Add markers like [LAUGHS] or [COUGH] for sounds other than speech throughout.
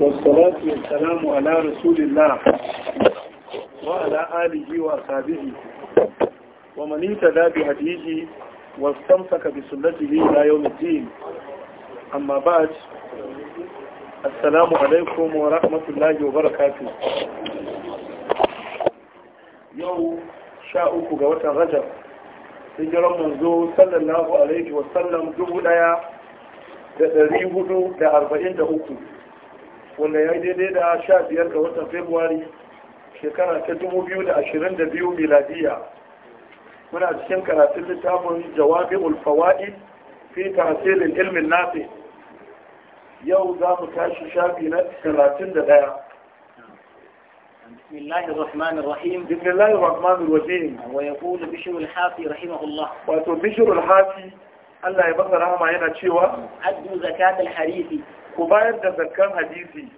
wasu salamu ala rasulillah wa ala alihi wa sabihi wa maninta dabi hadiji wasu tamfaka bi sunatihi na yau mutum amma ba ci assalamu alaikom wa rahmatullahi wa barakatu yau sha uku ga watan rajab sun jiran manzo sallallahu alaihi wasallam dubu daya da uku. wanda ya yi daidai da sha biyar ga watan februari shekara ta dubu biyu da ashirin da biyu miladiya muna cikin karatun littafin jawabi ulfawa'i fi tasirin ilmin nafi yau za mu tashi shafi na talatin da daya بسم الله الرحمن الرحيم ويقول بشر الحافي رحمه الله وتو بشر الحافي الله يبقى رحمه هنا تشيوا أدوا زكاة الحريث ku bayar da zakkan hadisi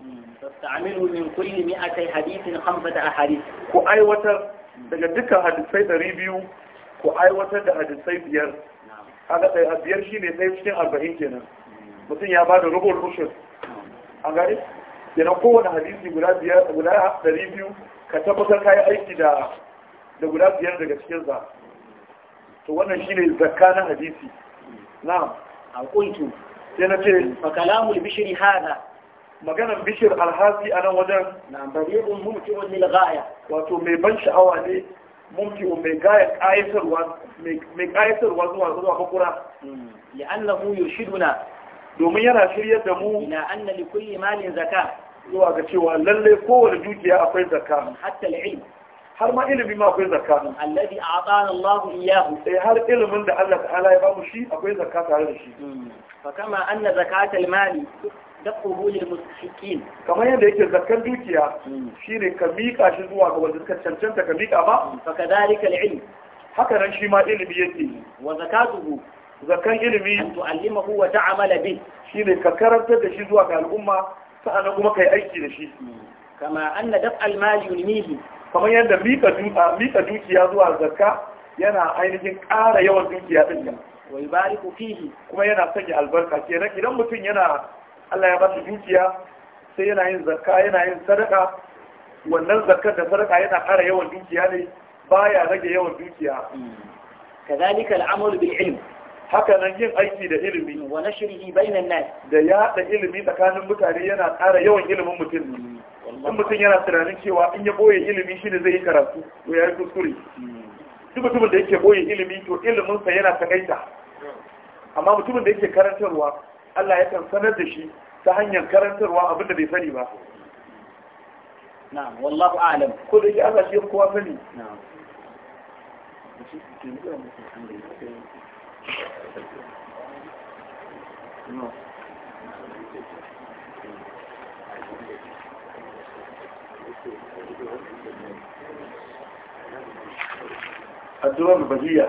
tastamilu min kulli mi'atay hadithin khamsata ahadith ku aiwatar daga dukkan hadisai 200 ku aiwatar da hadisai biyar kaga sai a biyar shine sai cikin 40 kenan mutum ya bada rubul rushd an kowane hadisi guda biyar guda ka tabbatar kayi aiki da da guda biyar daga cikin sa to wannan shine zakka na hadisi na'am sai na ce fa kalamul hada maganar bishir alhazi a nan wajen na bari'un mumti'un wani ghaya wato mai ban sha'awa ne mumti'un mai gaya kayatarwa mai kayatarwa zuwa zuwa bakura hmm. li'annahu na. domin yana shiryar da mu ila anna li kulli malin zaka zuwa ga cewa lalle kowace dukiya akwai zakka hatta al har ma ilimi ma akwai zakka alladhi a'tana Allahu iyyahu eh har ilimin da Allah ta'ala ya bamu shi akwai zakka tare da shi hmm. fa kama anna zakata al-mali dafuhu lil mustahiqin kamar yadda yake zakkan dukiya hmm. shine ka mika shi zuwa ga wanda suka cancanta ka mika ba hmm. fa kadhalika al-ilm haka nan shi ma ilimi yake wa zakatuhu zakkan ilimi an tu'allimahu wa ta'amala bi shine ka karantar da shi zuwa ga al'umma sa'annan kuma kai aiki da shi kama anna daf'al mali yulmihi kamar yadda mika dukiya zuwa zakka yana ainihin ƙara yawan dukiya ɗin nan wai ku fihi kuma yana sanya albarka kenan idan mutum yana Allah ya bata dukiya sai yana yin zakka yana yin sadaka wannan zakkar da sadaka yana ƙara yawan dukiya ne baya rage yawan dukiya hmm. kazalika al'amalu bil ilm haka nan yin aiki da ilimi wa nashrihi bainan nas da yada ilimi tsakanin mutane yana ƙara yawan ilimin mutum hmm. in mutum yana tunanin cewa in ya boye ilimi shi ne zai yi karatu to ya yi kuskure duk mutumin da yake boye ilimi to iliminsa yana takaita amma mutumin da yake karantarwa Allah ya kan sanar da shi ta hanyar karantarwa abin da bai sani ba na'am wallahu a'lam ko da yake Allah shi kowa sani na'am No. الدرر البديع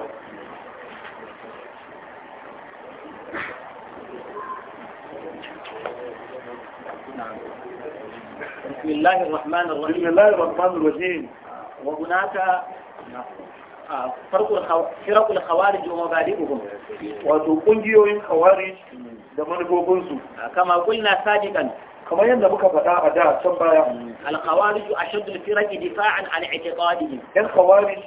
بسم الله الرحمن الرحيم بسم الله الرحمن الرحيم وهناك فرق فرق الخوارج ومبادئهم وتقنجيو ان خوارج زمان بوبنسو كما قلنا سابقا كما يند بك فتاة أداء الخوارج أشد الفرق دفاعا عن اعتقادهم الخوارج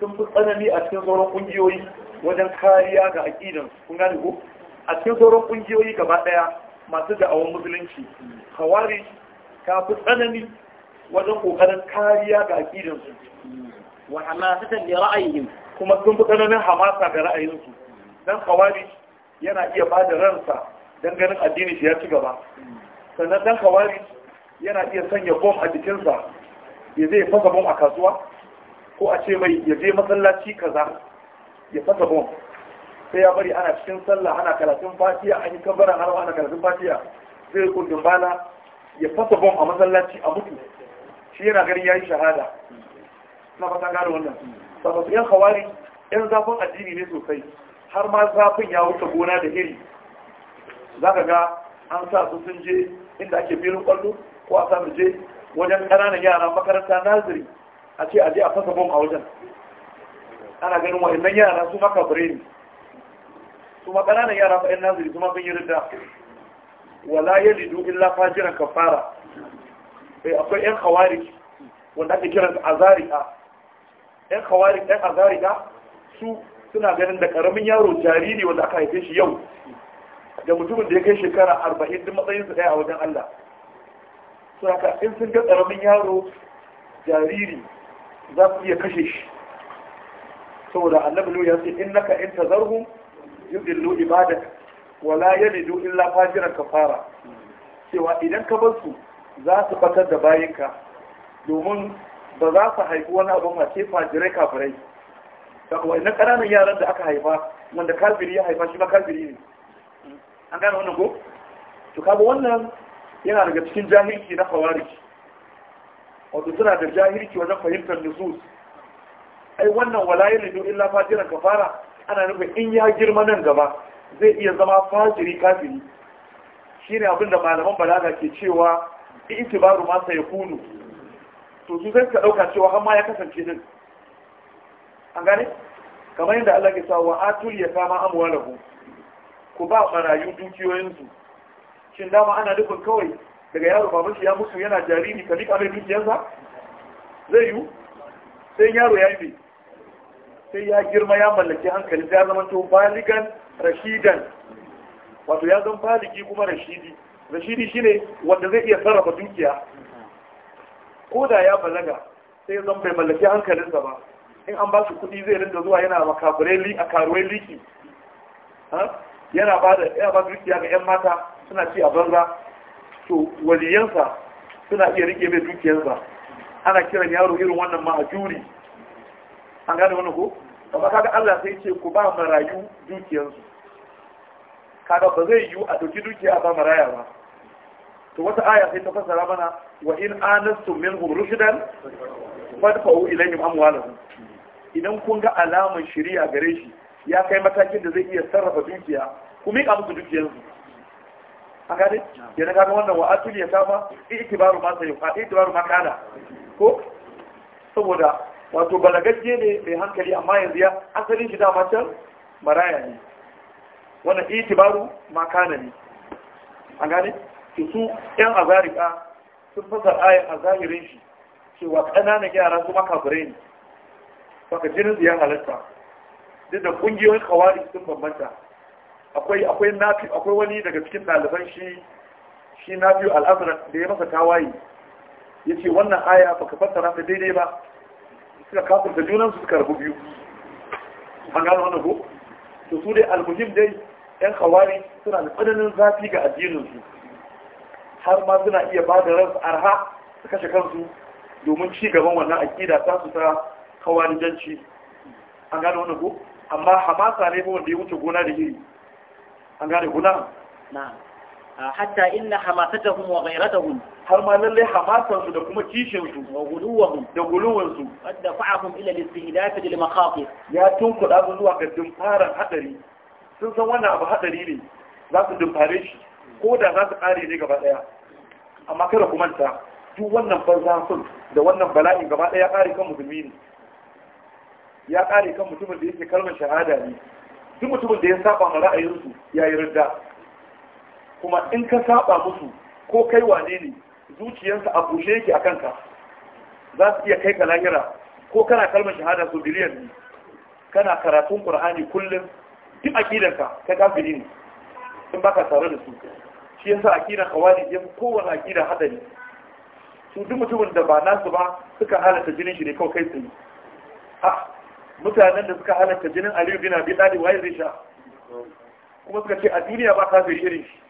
sun fi tsanani a cikin sauran kungiyoyi wajen kariya ga aƙidan. kun gane ko a cikin sauran kungiyoyi gaba ɗaya masu da'awar musulunci hawari ta fi tsanani wajen ƙoƙarin kariya ga aƙidan. su wa hamasatan li ra'ayihim kuma sun fi tsananin hamasa ga ra'ayinsu dan khawarij yana iya ba da ransa don ganin addini shi ya ci gaba sannan dan khawarij yana iya sanya bom a jikinsa ya zai fasa bom a kasuwa ko a ce mai ya je masallaci kaza ya fasa bom sai ya bari ana cikin sallah ana karatun fatiya an yi kabara har ana karatun fatiya zai kundin bala ya fasa bom a masallaci a mutu shi yana ya yi shahada na fasa gano wannan saboda yan hawari yan zafin addini ne sosai har ma zafin ya wuce gona da iri ka ga an sa su sun je inda ake filin kwallo ko a samu je wajen ƙananan yara makaranta naziri a ce a je a fasa bom a wajen ana ganin wa'annan yara su maka birni su ma ƙananan yara fa'in naziri su ma sun yi ridda wala ya lidu illa fajiran kafara sai eh, akwai yan kawari wanda ake kiran su azarika yan kawari yan azarika su suna ganin da karamin yaro jariri wanda aka haife shi yau da mutumin da ya kai shekara arba'in duk matsayinsu ɗaya a wajen Allah. ka in sun ga ƙaramin yaro jariri za ku iya kashe shi saboda annabi lu ya ce innaka in tazarhum yudillu ibadak wala yalidu illa fajiran kafara cewa idan ka bar su za su batar da bayinka domin ba za su haifi wani abu ce fajirai kafirai kuma wannan ƙananan yaran da aka haifa wanda kafiri ya haifa shi ma kafiri ne an gane wannan ko to kaga wannan yana daga cikin jahilci na khawarij wato suna da jahilci wajen fahimtar nusus ai wannan walayin da illa fajiran kafara ana nufin in ya girma nan gaba zai iya zama fajiri kafiri shine abin da malaman balaga ke cewa itibaru ma sai kunu to su sai ka dauka cewa har ma ya kasance din an gane kamar yadda Allah ke cewa wa atul kama amwalahu ku ba barayu su. shin dama ana nufin kawai daga yaro baban shi ya mutu yana jariri ka liƙa mai dukiyarsa zai yiwu sai yaro ya yi sai ya girma ya mallaki hankali ya zama to baligan rashidan wato ya zama baligi kuma rashidi rashidi shine wanda zai iya sarrafa dukiya ko da ya balaga sai zan bai mallaki hankalinsa ba in an ba su kuɗi zai rinda zuwa yana makabarai a karuwai liki yana ba da ya ba dukiya ga 'yan mata suna ci a banza to waliyansa suna iya rike mai dukiyarsa ana kiran yaro irin wannan ma a juri an gane wani ko amma kaga Allah sai ce ku ba marayu dukiyarsu kaga ba zai yiwu a dauki dukiya ba maraya ba to wata aya sai ta fasara mana wa in anastum minhum rushdan fadfa'u ilayhim amwalahum idan kun ga alaman shari'a gare shi ya kai matakin da zai iya sarrafa dukiya ku miƙa musu dukiyarsu an gane yana gane wannan wa'atul ya kama itibaru ma sai fa itibaru ma kana ko saboda wato balagajje ne mai hankali amma yanzu ya asalin shi dama can maraya ne wannan itibaru ma kana ne an gane su yan azarika sun fasar ayan a zahirin shi cewa ƙananan yara su makafirai ne baka jinin su ya halatta duk da ƙungiyoyin kawari sun bambanta akwai akwai nafi akwai wani daga cikin ɗaliban shi shi nafi al'azra da ya masa tawaye ce wannan aya ka fassara ta daidai ba suka kafin da junan su suka rabu biyu an gano wannan ko to su dai almuhim dai yan hawari suna da tsananin zafi ga addinin su har ma suna iya ba da ransu arha su kashe kansu domin ci gaban wannan aƙida ta su ta hawarijanci an gano wannan ko amma hamasa ne ba wanda ya wuce gona da iri an gane kuna na ah, hatta inna hamasatahum wa ghayratahum har ma lalle hamasan da kuma kishin su wa guluwahum da guluwan su wadda fa'ahum ila al-istihdaf lil maqatif ya tunkuda su zuwa ga dimfaran hadari sun san wannan abu hadari ne za su dimfare shi ko da za su kare ne gaba daya amma kada ku manta duk wannan banza sun da wannan bala'in gaba daya ya kare kan musulmi ne ya kare kan mutumin da yake kalmar shahada ne duk mutumin da ya saba ma ra'ayinsu ya yi ridda kuma in ka saba musu ko kai wane ne zuciyarsa a bushe yake a kanka za su iya kai ka lahira ko kana kalmar shahada su biliyan ne kana karatun ƙur'ani kullum duk akidanka ka kafiri ne in baka tare da su shi yasa aqidan kawali ya fi kowane aqida hadari su duk mutumin da ba nasu ba suka halatta jinin shi ne kawai kai su ne mutanen da suka halatta jinin aliyu bin abi talib waye zai sha kuma suka ce a duniya ba ka zai shirin shi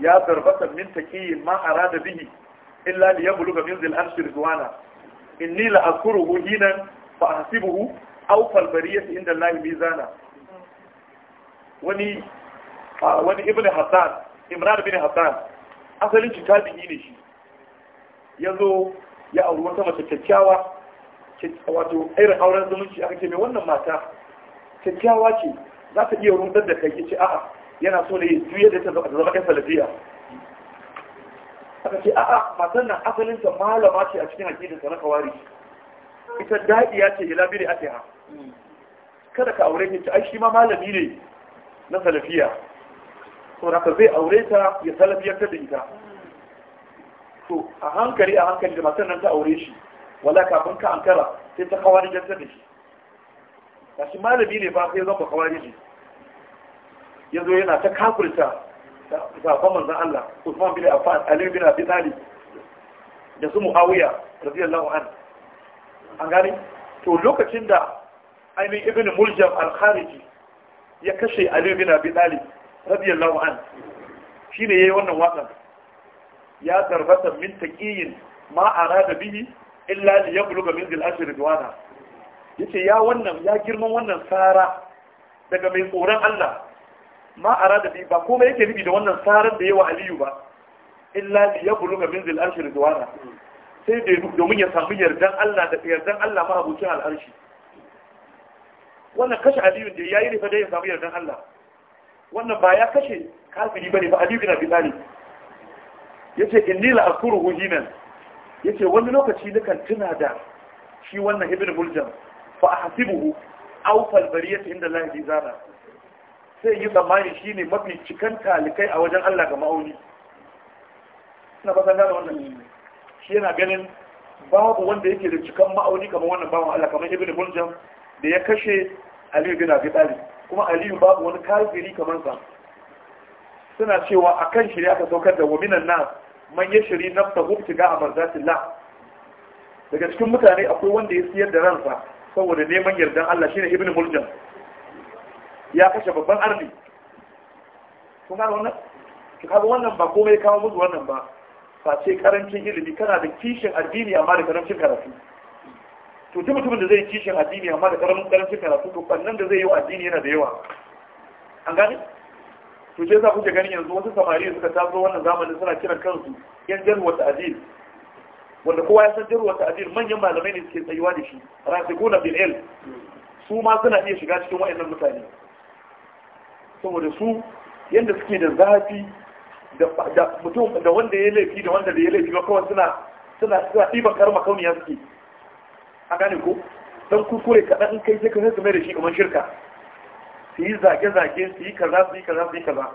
ya zarbata min taqiyin ma arada bihi illa li yabluga min zil arshi ridwana inni la azkuruhu hinan fa ahsibuhu aw fal bariyati inda allahi mizana wani wani ibn hassan imran bin hassan asalin shi tabi'i ne shi yazo ya auri wata mace kyakkyawa wato irin auren zumunci aka ce mai wannan mata kyakkyawa ce za ta iya rudar da kai ce a'a yana so da ya juya da ta zama ɗan salafiya aka ce a'a matan nan asalinta malama ce a cikin hakidin ta na kawari ita daɗiya ce ya biri ake ha kada ka aure ta ai shi ma malami ne na salafiya to ka zai aure ta ya salafiyar ta da ita to a hankali a hankali da matan nan ta aure shi wala kafin ka an ankara sai ta kawari jantar da shi shi malami ne ba sai zamba kawari ne ya zo yana ta kafirta safon manzan Allah Usman bin Affan Ali bin Abi Talib da su Muawiya radiyallahu an an gani to lokacin da ainihin ibn Muljam al-Khariji ya kashe Ali bin Abi Talib radiyallahu an shine yayi wannan wakan ya darbata min taqiyin ma arada bihi illa ya yabluga min zil ashri Ya ce ya wannan ya girman wannan tsara daga mai tsoron Allah ma arada bi ba komai yake nufi da wannan sarar da yawa Aliyu ba illa ya yabluga min zil arshi ridwana sai da domin ya samu yardan Allah da yardan Allah ma al'arshi wannan kashe Aliyu da yi ne fa ya samu yardan Allah wannan ba ya kashe kafiri ne ba Aliyu bin Abi Talib yace inni la akuruhu hinan yace wani lokaci nukan tuna da shi wannan ibn Buljan, fa ahsibuhu aw fal bariyati inda Allah zana sai yi tsammani shine mafi cikan talikai a wajen Allah ga ma'auni ina ba gane wannan shi yana ganin babu wanda yake da cikan ma'auni kamar wannan bawan Allah kamar ibn Buljan da ya kashe Aliyu bin Abi Talib kuma Aliyu babu wani kafiri kamar sa suna cewa akan shi ne aka saukar da wa minan nas man yashri nafsahu ibtiga'a marzatillah daga cikin mutane akwai wanda ya siyar da ransa saboda neman yardan Allah shine ibn muljam ya kashe babban arni kun gano wannan ki wannan ba komai kawo musu wannan ba face karancin ilimi kana da kishin addini amma da karancin karatu to duk mutumin da zai kishin addini amma da karamin karancin karatu to kannan da zai yi wa addini yana da yawa an gane to ce za ku kuke ganin yanzu wasu samari suka taso wannan zamanin suna kiran kansu yan jarwa adil wanda kowa ya san jarwa adil manyan malamai ne suke tsayuwa da shi rasikuna bil ilm su ma suna iya shiga cikin wayannan mutane saboda su yanda suke da zafi da mutum da wanda ya laifi da wanda da ya laifi ba kawai suna suna suna ɗiban karma kauniya suke a gane ko dan kuskure kaɗan in kai sai ka sai da shi kamar shirka su yi zage-zage su yi kaza su yi kaza su yi kaza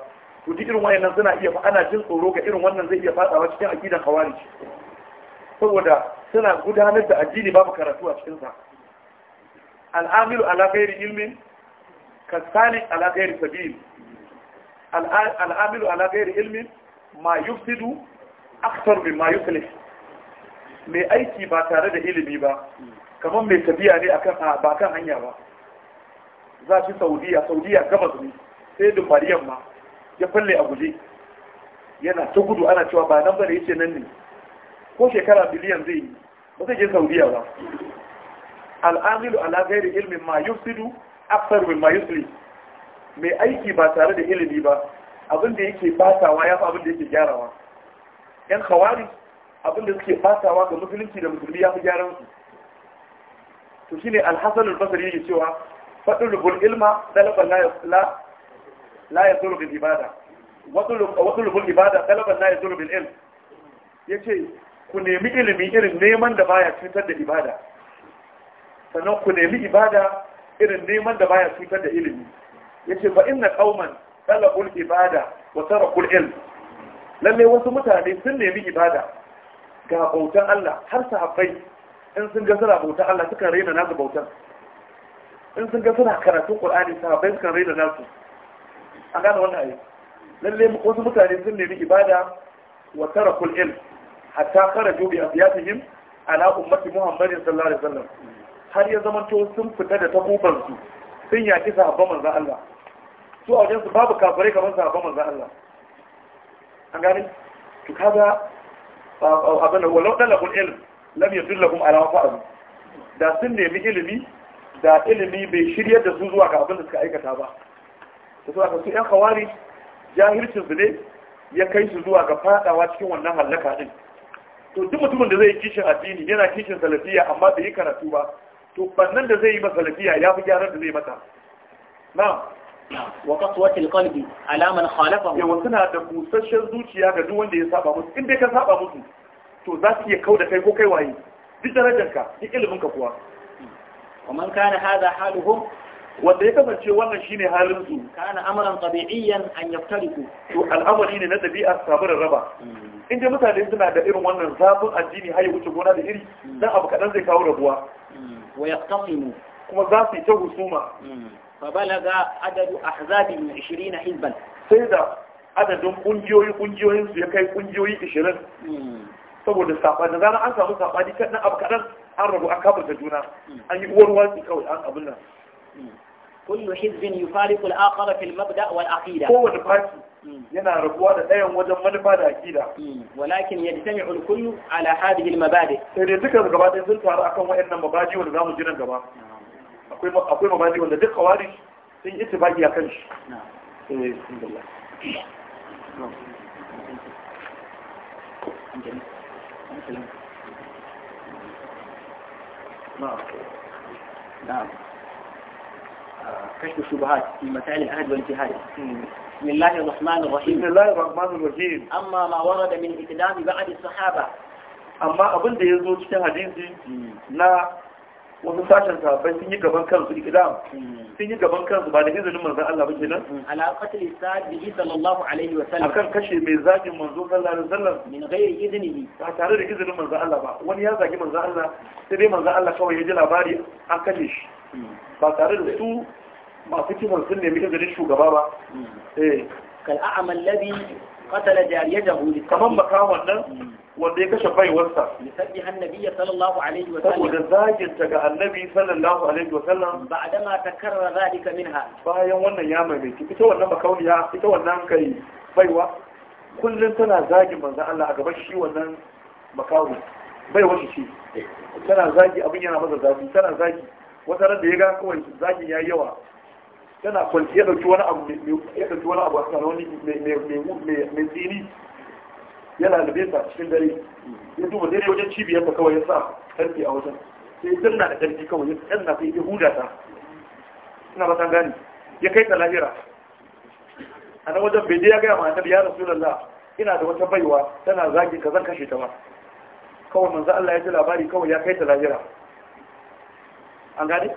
ku ji irin wayannan suna iya ana jin tsoro ga irin wannan zai iya fadawa cikin aqidan khawarij saboda suna gudanar da addini babu karatu a cikin sa al-amilu ala ghairi ilmin sani ala ghairi sabil al-amilu ala ghairi ilmin ma yufsidu akthar mimma yuslih mai aiki ba tare da ilimi ba kamar mai tafiya ne akan ba kan hanya ba za shi saudiya saudiya gabas ne sai dumbari yamma ya falle a guje yana ta gudu ana cewa ba nan bane yace nan ne ko shekara biliyan zai yi ba zai je saudiya ba al'amilu ala ghairi ilmin ma yufsidu akthar min ma yusli mai aiki ba tare da ilimi ba abin da yake batawa ya fi abin da yake gyarawa yan khawari abin da suke batawa ga musulunci da musulmi ya fi gyaran su to shine al-hasan al yake cewa faɗin rubul ilma ɗalaban la ya zuru bil ibada wasu rubul ibada ɗalaban la ya zuru bil ilm ku nemi ilimi irin neman da baya cutar da ibada sannan ku nemi ibada irin neman da baya cutar da ilimi Yace ce ba inna kauman ɗalabul ibada wa tarakul ilm lallai wasu mutane sun nemi ibada ga bautan Allah har sahabbai in sun ga suna bautan Allah suka raina nasu bautan in sun ga suna karatun qur'ani sahabbai sukan da nasu A gane wannan ayi lalle wasu mutane sun nemi ibada wa tarakul ilm hatta kharaju bi afyatihim ala ummati muhammadin sallallahu alaihi wasallam har ya to sun fita da takuban su sun yaki sahabban manzon Allah su a wajen su babu kafirai kamar sahabban manzon Allah an gane to kaga abin da walau dalakul ilm lam yadullakum ala wafa'u da sun nemi ilimi da ilimi bai shirya da su zuwa ga abin da suka aikata ba da su aka su yan kawari jahilcin su ne ya kai su zuwa ga fadawa cikin wannan hallaka din to duk mutumin da zai yi kishin addini yana kishin salafiya amma bai yi karatu ba to bannan da zai yi masa salafiya ya fi gyaran da zai mata na wa qaswatil qalbi ala man khalafahu yawa suna da busashen zuciya ga duk wanda ya saba musu in dai ka saba musu to za su iya kauda kai ko kai waye duk darajarka duk ilimin ka kuwa ومن كان هذا حالهم wanda ya kasance wannan shine halin su kana amaran tabi'iyan an yaftariku al'amari ne na dabi'a sabar raba mm. in dai mutane suna da irin wannan zafin addini har ya wuce gona da iri mm. dan abu kadan zai kawo rabuwa mm. wa yaqtasimu kuma za su yi ta husuma fa balaga adadu sai da adadin kungiyoyi kungiyoyin su ya kai saboda an samu sabani na abu kadan an rabu an kafarta juna an yi uwar watsi kawai an abin nan kullu hizbin yufariqu al-akhar fi al-mabda wal aqida kowace party yana rabuwa da ɗayan wajen manufa da aqida walakin yajtami'u al-kullu ala hadhihi al-mabadi sai dai duka gaba ɗaya sun taru akan waɗannan mabadi wanda zamu jiran gaba akwai akwai mabadi wanda duk kawari sun yi ittifaqi akan shi eh alhamdulillah نعم. نعم كشف الشبهات في مسائل العهد والجهاد بسم الله الرحمن الرحيم بسم الله الرحمن الرحيم أما ما ورد من إقدام بعد الصحابة أما أبن ده يزوج كهديثي لا wasu sashen sahabbai sun yi gaban kansu ikdam hmm. sun yi gaban kansu ba da izinin manzon Allah ba kenan hmm. ala qatl sa'di sallallahu alaihi wa sallam akan kashe mai zagin manzo sallallahu alaihi wa sallam min ghairi idnihi ba tare da izinin manzon Allah ba wani ya zagi manzon Allah sai dai manzon Allah kawai ya ji labari an kashe shi hmm. ba tare da su masu kiman sun nemi kan izinin shugaba ba eh kal a'mal ladhi qatala jariyatahu kaman baka wannan wanda ya kashe baiwarsa misali annabi sallallahu alaihi wa sallam saboda zagin ta ga annabi sallallahu alaihi wa sallam Ba ba'da ma takarrara zalika minha bayan wannan ya maimaiti ita wannan makauniya ita wannan kai baiwa kullum tana zagin manzo Allah a gaban shi wannan makauni baiwar shi tana zagi abin yana masa zafi tana zagi wata ran da ya ga kawai zagin yayi yawa tana kwanci ya ɗauki wani abu ya wani abu a kan mai tsiri yana da besa cikin dare ya duba dare wajen cibiyar ta kawai ya sa karfi a wajen sai ya danna da karfi kawai ya danna sai ya huda ta ina ba gani ya kai ta lahira a nan wajen bai je ya gaya ma annabi ya lalla. ina da wata baiwa tana zagi ka zan kashe ta ma kawai manzo Allah ya ji labari kawai ya kai ta lahira an gani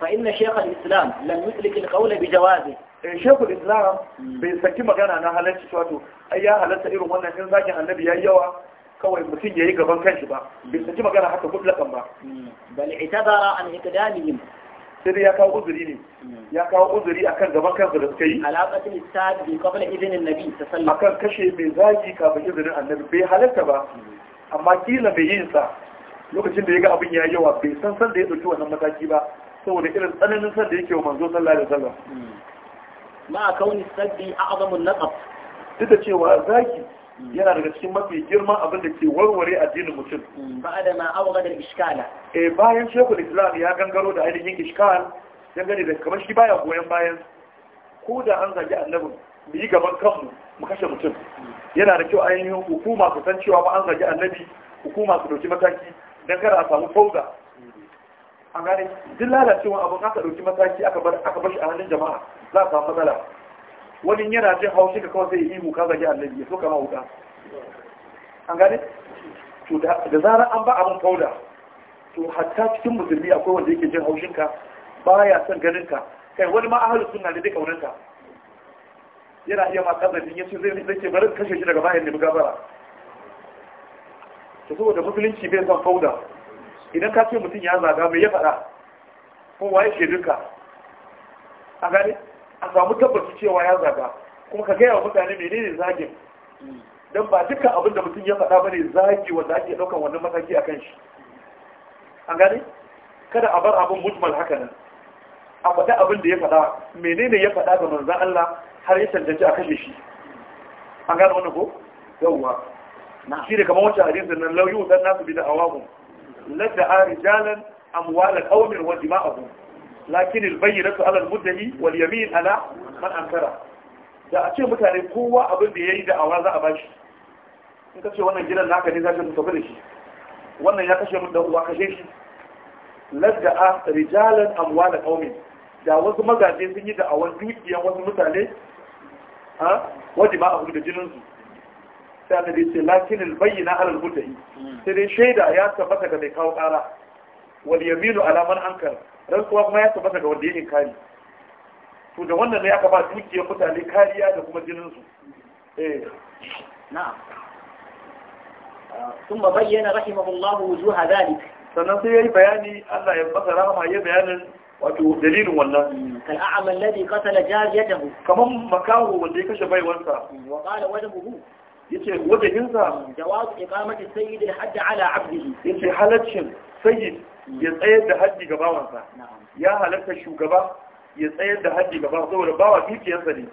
فإن شيخ الإسلام لم يتلك القول بجوازه إيه، شيخ الإسلام بسكي مكان أنا هلتش شواتو أي هلتش إيرو مانا إن ذاكي هالنبي أيوة كوي مسيجي أيقا بانكنش با بسكي مكان حتى مطلقا با بل اعتبر عن إقدامهم سيدي يا كاو أذريني يا كاو أذري أكان غبا كان غلط كي علاقة الإستاد قبل إذن النبي تسلم أكان كشي بذاكي كاب إذن النبي بي هلتش با أما كيلا بيينسا لوكا شندي يقا أبيني أيوة بي سنسل دي دوشوة نمتاكي با saboda irin tsananin sanda yake wa manzo sallallahu alaihi wasallam hmm. ma kauni sabbi a'zamu naqab duk cewa zaki yana daga cikin mafi girma abin da ke warware addinin mutum hmm. ba da ma awga gadar iskala eh bayan shekul islam ya gangaro da ainihin iskal gani da kamar shi baya goyen bayan ko da an zagi annabi mu yi gaban kanmu mu kashe mutum hmm. yana da kyau ainihin hukuma su san cewa ba an zagi annabi hukuma su dauki mataki dan kada a samu fauda an gane duk lalacewa abin aka ɗauki mataki aka bar shi a hannun jama'a za a samu matsala wani yana jin haushi ka kawai zai ihu ka zagi annabi ya soka kama wuta an gane to da zarar an ba abin fauda to hatta cikin musulmi akwai wanda yake jin haushin ka baya son ganin ka kai wani ma ahalin sunna ne dai kaunar ka yana iya ma kazafin yace zai zai ke bari kashe shi daga bayan ne gabara to saboda musulunci bai san fauda idan ka ce mutum ya zaga mai ya faɗa kuma waye duka? a gane a samu tabbaci cewa ya zaga kuma ka gaya wa mutane menene zagin don ba duka abin da mutum ya faɗa ba ne zagi wanda ake ɗaukan wannan mataki a kan shi A gane kada a bar abin mutumar haka nan a faɗa abin da ya faɗa menene ya faɗa ga manzan Allah har ya cancanci a kashe shi an gane wannan ko yawwa shi ne kamar wancan hadisin nan lauyu dan nasu bi da awamu ladda rijalan amwal qaumin wa dima'ahum lakin albayyinatu ala almuddahi wal yamin ala man ankara da a ce mutane kowa abin da ya yayi da'awa za a bashi in ka ce wannan gidan naka ne za ka tafi da shi wannan ya kashe mun da uwa kashe shi ladda rijalan amwal qaumin da wasu mazaje sun yi da'awan dukiyan wasu mutane ha wajima a da jininsu sai annabi ce lakin albayyina ala almutahi sai dai shaida ya tabbata ga mai kawo kara wal yaminu ala man ankar rantsuwa kuma ya tabbata ga wanda ya inkari to da wannan ne aka ba dukiyar mutane kariya da kuma jinin su eh na'am ثم بين رحمه الله وجوه ذلك sannan sai ya yi bayani Allah ya masa rahama ya bayanin wato dalilin wannan hmm, kal'a'am alladhi qatala jariyatahu kaman makahu wanda ya kashe baiwansa hmm, wa qala wajhuhu yace sa. jawaz iqamati sayyid al hadda ala 'abdihi yace halaccin sayyid ya tsayar da haddi ga bawansa ya halatta shugaba ya tsayar da haddi ga bawansa saboda bawa dukiyarsa ne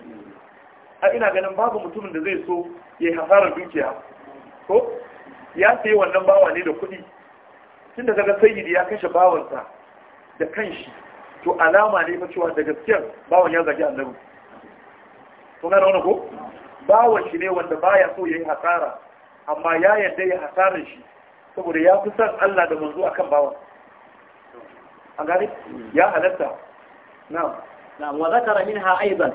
a ina ganin babu mutumin da zai so ya hasarar dukiya ko ya sayi wannan bawa ne da kuɗi tunda daga kaga sayyid ya kashe bawansa da kanshi to alama ne fa cewa da gaskiyar bawan ya zagi annabi kun ko bawan shi ne wanda ya so yayi hasara amma ya yadda ya hasarar shi saboda ya fi san Allah da manzo a akan bawan an gane ya halatta na'am na'am wa zakara minha aidan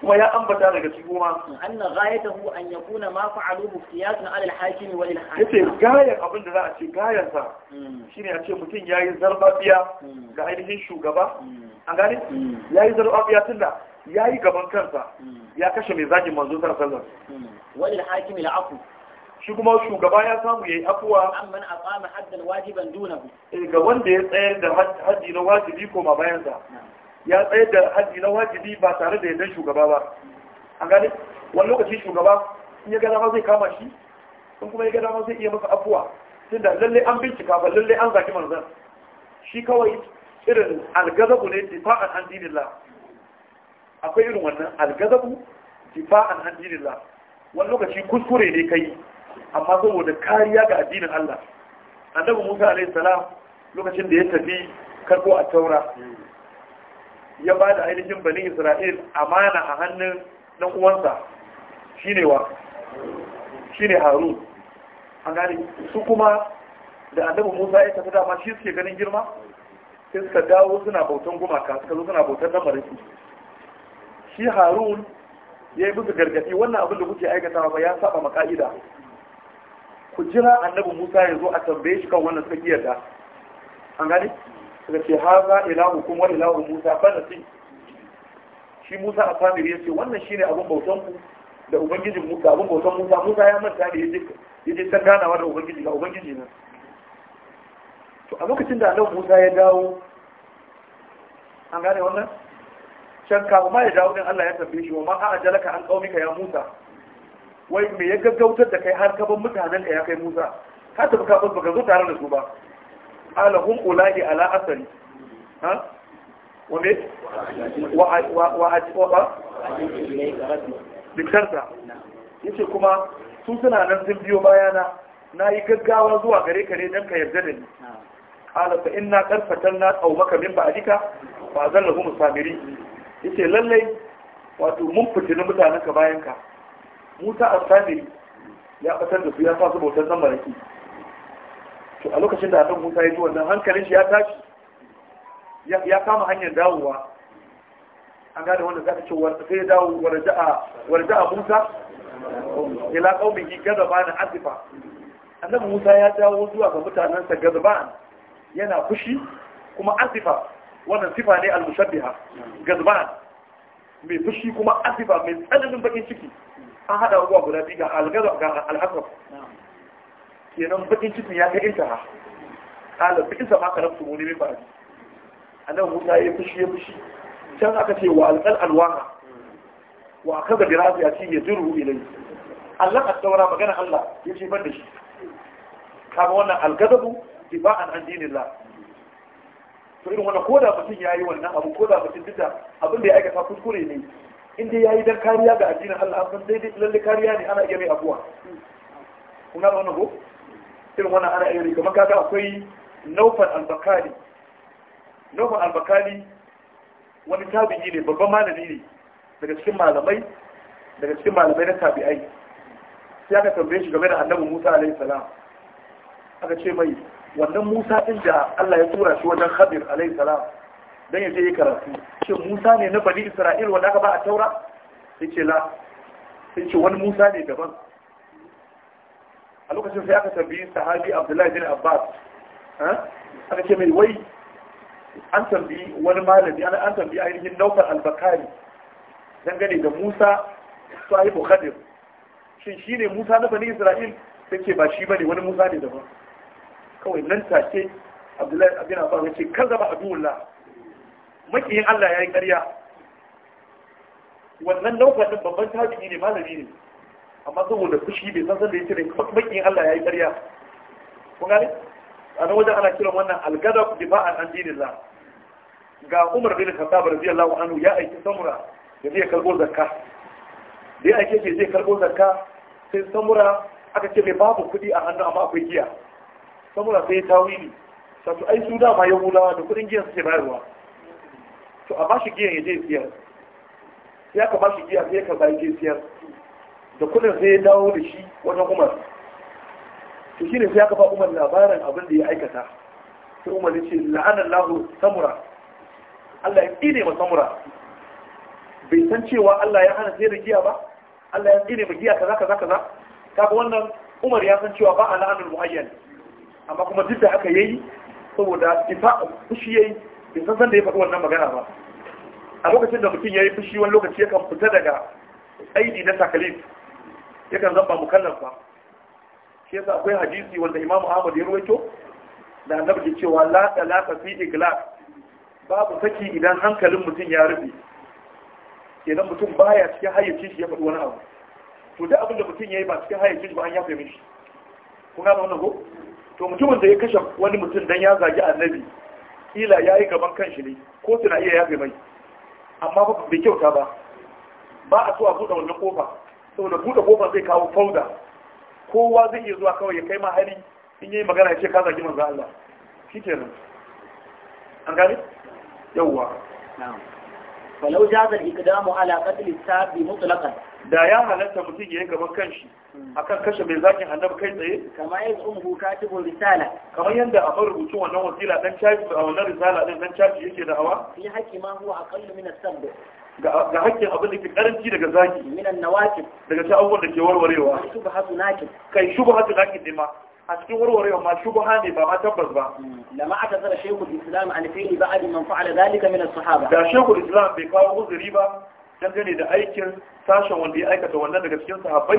kuma ya ambata daga cikin kuma anna ghayatahu an yakuna ma fa'alu muftiyasun ala al-hakim wa lil hakim yace gayar abin da za a ce gayar sa hmm. shine a ce mutum yayi zarbabiya hmm. ga ainihin shugaba hmm. an gane yayi zarbabiya tunda ya yi gaban kansa ya kashe mai zagin manzo sa sallar. Wani da hakimi da afu shi kuma shugaba ya samu ya yi afuwa na aqama haddan wajiban dunahu eh ga wanda ya tsayar da haddi na wajibi ko ma bayan sa hmm. ya tsayar da haddi na wajibi ba tare da yadda shugaba ba hmm. an gani wani lokaci shugaba in ya gada zai kama shi in kuma ya gada ma zai iya masa afuwa da lalle an bincika ba lalle an zaki manzan shi kawai irin algazabu ne difa'an an la. akwai irin wannan algazabu difa'an an Allah wani lokaci kuskure ne kai amma saboda kariya ga addinin Allah annabi Musa alaihi salam lokacin da ya tafi karko a taura ya ba da ainihin bani Isra'il amana a hannun dan uwansa shine wa shine Harun an gane su kuma da annabi Musa ya tafi dama shi suke ganin girma sai suka dawo suna bautan gumaka suka zo suna bautan su shi harun ya yi musu gargaɗi wannan abin da kuke aikata ba ya saba maka'ida ku jira annabi musa ya zo a tambaye shi kan wannan suka yarda an gani daga ce haza ilahu kuma wani ilahu musa bana ce shi musa a samiri ya ce wannan shi ne abin bautan ku da ubangijin musa abin bautan musa musa ya manta ne ya je san ganawa da ubangiji ga ubangiji na. to a lokacin da annabi musa ya dawo an gane wannan can kafin ma ya dawo din Allah ya tambaye shi wa ma a ajalaka an qaumika ya Musa wai me ya gaggautar da kai har ka bar mutanen ka ya kai Musa ka tafi ka ba ka zo tare da su ba alahum ulahi ala asali ha wa me wa wa wa wa bikarta yace kuma su suna nan sun biyo bayana na yi gaggawa zuwa gare ka ne dan ka yarda da ni qala fa inna qarfatan na qaumaka min ba'dika fa zallahu musamiri yace lallai wato mun fitina mutanen ka bayan ka musa asami ya batar da su ya sa su bautar san maraki to a lokacin da annabi musa ya ji wannan hankalin shi ya tashi ya kama hanyar dawowa an gane wanda zaka ce sai ya dawo warja'a warja'a musa ila qaumihi ba na asifa annabi musa ya dawo zuwa ga mutanensa ba yana fushi kuma asifa wannan sifa ne al-mushabbiha gazban mai fushi kuma asifa mai tsananin bakin ciki an hada abubuwa guda biyu ga al-ghadab ga al-hasab kenan bakin ciki ya inta ha kala bakin sa ma karabtu ne min A nan wuta ya fushi ya fushi can aka ce wa al alwaha wa akaza bi ci ya jiru ilayhi Allah ka tawra magana Allah yace ban da shi kama wannan al-ghadabu ba an dinillah to irin wannan koda mutum ya yi wannan abu koda mutum duk da abin da ya aikata kuskure ne in dai ya yi dan kariya ga addinin Allah an san daidai lalle kariya ne ana iya mai abuwa kun ga wannan ko irin wannan ana iya kamar kaga akwai naufan Al-Bakali Naufal Al-Bakali wani tabi'i ne babban malami ne daga cikin malamai daga cikin malamai na tabi'ai sai aka tambaye shi game da annabi Musa alaihi salam aka ce mai wannan musa din da Allah ya tura shi wajen khabir alayhi salam dan ya je yi karatu shin musa ne na bani isra'il wanda aka ba a taura sai ce la sai ce wani musa ne daban a lokacin sai aka tambayi sahabi abdullahi bin abbas aka ce mai wai an tambayi wani malami an tambayi ainihin naufar albakari dangane da musa sahibu khadir shin shi ne musa na bani isra'il sai ce ba shi ba ne wani musa ne daban kawai nan take abdullahi abin abbas ya ce kan zama aduwullah makiyin allah ya yi ƙarya wannan nauka din babban tabi'i ne malami ne amma saboda fushi bai san sanda ya ce makiyin allah ya yi ƙarya kun gane a nan wajen ana kiran wannan algadab difa'an an dinillah ga umar bin khattab radiyallahu anhu ya aiki samura da zai karbo zakka da ya aike shi zai karbo zakka sai samura aka ce mai babu kuɗi a hannu amma akwai giya saboda sai tawili sato ai su dama hulawa, da kudin giyan suke bayarwa to a ba shi giyar ya je siyar sai aka shi giya sai ka ya je siyar da kudin sai ya dawo da shi wajen umar to shine sai aka ba umar labarin abin da ya aikata sai umar ya ce la'anar lahu samura Allah ya tsine ma samura bai san cewa Allah ya hana sai da giya ba Allah ya tsine ma giya kaza kaza kaza kaga wannan umar ya san cewa ba a la'anar mu'ayyan amma kuma duk da haka yayi saboda ifa fushi yayi bai san san da ya faɗi wannan magana ba a lokacin da mutum yayi fushi wani lokaci yakan fita daga aidi na takalif yakan zamba mukallaf ba shi yasa akwai hadisi wanda Imam Ahmad ya rawaito da annabi ke cewa la talaqa fi iglaq babu saki idan hankalin mutum ya rufe idan mutum baya cikin hayyacin shi ya faɗi wani abu to duk abin da mutum yayi ba cikin hayyacin shi ba an yafe mishi kuma gane wannan ko to mutumin da ya kashe wani mutum dan ya zagi annabi kila ya yi gaban kanshi ne ko suna iya yafe mai amma bai kyauta ba ba a so a buɗe wannan kofa saboda buɗe kofa zai kawo fauda kowa zai iya zuwa kawai ya kai ma hali, in yayi magana ya ce ka zagi manzo Allah shikenan an gane yawwa na'am falau jazal iqdamu ala qatl sabi mutlaqan da ya halatta mutum ya yi gaban kanshi akan kashe mai zakin annabi kai tsaye kamar yin umbu katibul risala kamar yadda a rubutun wannan wasila dan caji a wannan risala din dan chaji yake da hawa fi haƙƙi ma huwa aqallu min as-sabb ga haƙƙin abin da ke karanci daga zaki Minan an-nawaqib daga ta abubuwan da ke warwarewa shubhatu naqib kai shubhatu naqib ne ma a cikin warwarewa ma shubha ne ba ma tabbas ba hmm. lama aka zara shaykhul islam an fi'li ba'd man fa'ala zalika min as-sahaba da shaykhul islam bai kawo uzuri ba dangane da aikin sashen wanda ya aikata wannan daga cikin sahabbai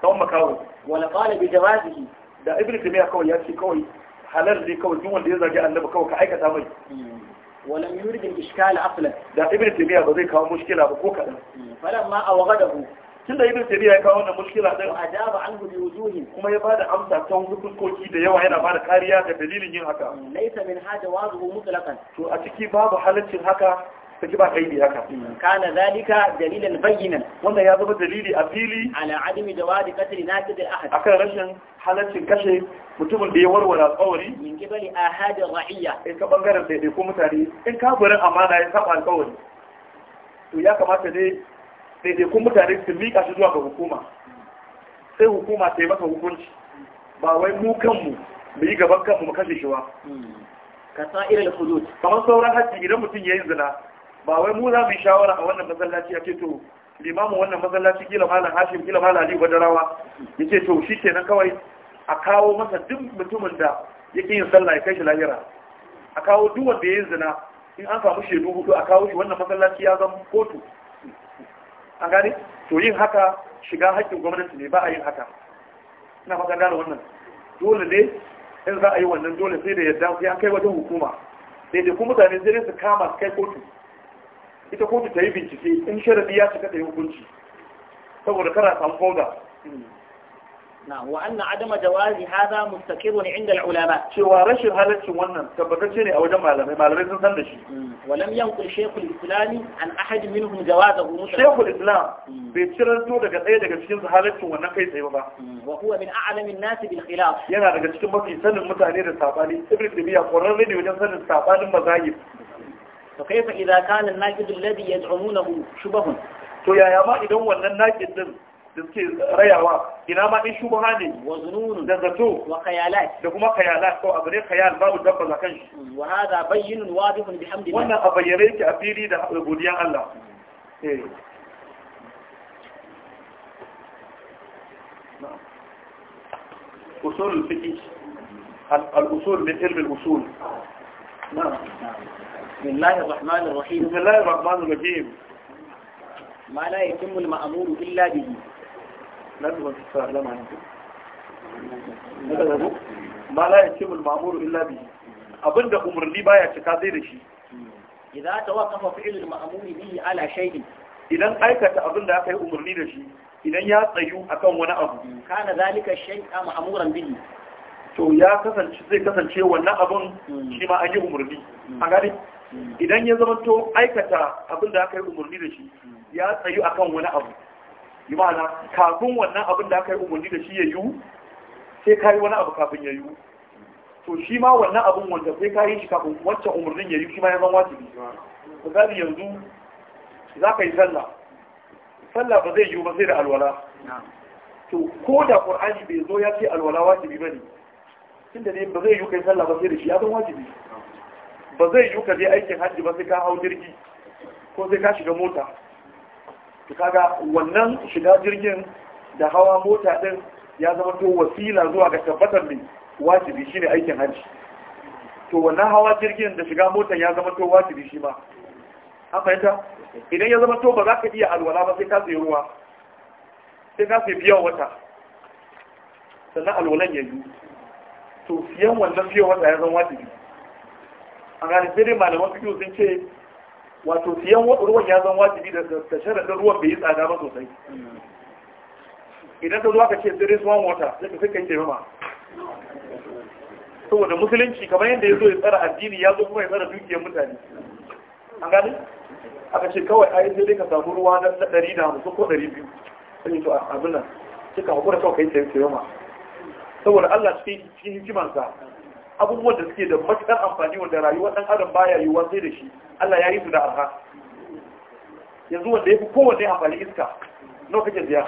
kawon makawo wala qala bi jawazihi da ibnu taymiya kawai ya ce kawai halal ne kawai duk wanda ya zagi annabi kawai ka aikata mai hmm. wala yurid al ishkal aflan da ibnu taymiya ba zai kawo mushkila ba ko kadan hmm. falamma awghadahu tunda ibnu taymiya ya kawo wannan mushkila din ajaba anhu bi wujuhi kuma ya bada amsa ta hukunkoki da yawa yana bada kariya ga dalilin yin haka hmm. laysa min hada wazuhu mutlaqan to a ciki babu halaccin haka saki ba kaidi haka hmm. kana zalika dalilan bayyinan wannan ya zama dalili a fili ala adami jawadi qatl nasid al-ahad akan rashin halaccin kashe mutumin da ya warware alƙawari min kibali ahad ar-ra'iyya in ka bangaren da ko mutane in ka kafirin amana ya saba alƙawari to ya kamata ne daidaikun mutane su miƙa shi zuwa ga hukuma sai hukuma ta yi maka hukunci ba wai mu kanmu mu yi gaban kanmu mu kashe shi ba hmm. ka sa'irar hudud kamar sauran haƙƙi idan mutum ya yi zina ba wai mu za mu shawara a wannan masallaci ce to limamin wannan masallaci kila malam hashim kila malam ali badarawa yace to shi kenan kawai a kawo masa duk mutumin da yake yin sallah ya kai shi lahira a kawo duk wanda ya yi zina in an samu shaidu hudu a kawo shi wannan masallaci ya zama kotu an gane to yin haka shiga haƙƙin gwamnati ne ba a yin haka ina maka gane wannan dole ne in za a yi wannan dole sai da yadda sai an kai wajen hukuma sai da kuma mutane sai su kama su kai kotu ita kotu ta yi bincike in sharadi ya cika ta yi hukunci saboda kara samu fauda na wa anna adama jawazi hadha mustaqirun inda al-ulama cewa rashin halaccin wannan tabbatacce ne a wajen malamai malamai sun san da shi hmm. wa lam yanqul shaykh al-islam an ahad minhum jawazahu mutlaq shaykh al-islam hmm. bai cirato daga ɗaya daga cikin su halaccin wannan kai tsaye ba hmm. wa huwa min a'lam an-nas bil khilaf yana daga cikin mafi sanin mutane da sabani ibn tabiya kwararre ne wajen sanin sabanin mazahib fa kaifa idza kana naqid alladhi to yaya ma idan wannan naqid din da suke rayawa ina ma din shubaha ne wa da zato wa khayalat da kuma khayalat ko abu ne khayal babu dabba za mm, wa bayyinun wadihun wannan a bayyare da godiyan mm. eh. بسم الله الرحمن الرحيم بسم الله الرحمن الرحيم ما لا يتم المأمور إلا به لازم تتكلم عنه ما لا يتم المأمور إلا به أبن ده أمر لي بايا تكاثير شيء إذا توقف فعل المأمور به على شيء idan aikata abin da aka yi umarni da shi idan ya tsayu akan wani abu kana zalika shay'a ma'muran bihi to ya kasance zai kasance wannan abun shi ma an yi umarni a gani idan ya zama to aikata abin da aka yi umarni da shi ya tsayu akan wani abu yi ma'ana kafin wannan abin da aka yi umarni da shi ya yiwu sai ka yi wani abu kafin ya yiwu to shi ma wannan abin wanda sai ka yi shi kafin wancan umarnin ya yiwu shi ma ya zama wajibi misali yanzu za ka yi sallah sallah ba zai yiwu ba sai da alwala to ko da qur'ani bai zo ya ce alwala wajibi ne tunda ne ba zai yiwu kai sallah ba sai da shi ya zama wajibi ba zai yi ka je aikin hajji ba sai ka hau jirgi ko sai ka shiga mota to kaga wannan shiga jirgin da hawa mota din ya zama to wasila zuwa ga tabbatar ne wajibi shine aikin hajji to wannan hawa jirgin da shiga motan ya zama to wajibi shi ma an fahimta idan ya zama to ba za ka iya alwala ba sai ka sayi ruwa sai ka sayi biyan wata sannan alwalan ya yi to siyan wannan biyan wata ya zama wajibi an sai dai malaman fikiyu sun ce wato siyan ruwan ya zama wajibi da da ruwan bai yi tsada ba sosai idan ka zuwa ka ce there suwan wata zai sai yi sai kai taimama saboda musulunci kamar yadda ya zo ya tsara addini ya zo kuma ya tsara dukiyar mutane an gani aka ce kawai a yi dai ka samu ruwa na ɗari da hamsu ko ɗari biyu sai to abin nan sai ka hakura kawai kai ma saboda Allah cikin hikimansa abubuwan da suke da matukar amfani wanda rayuwar ɗan adam baya yiwuwa sai da shi Allah ya yi su da arha yanzu wanda ya fi kowanne amfani iska nawa kake biya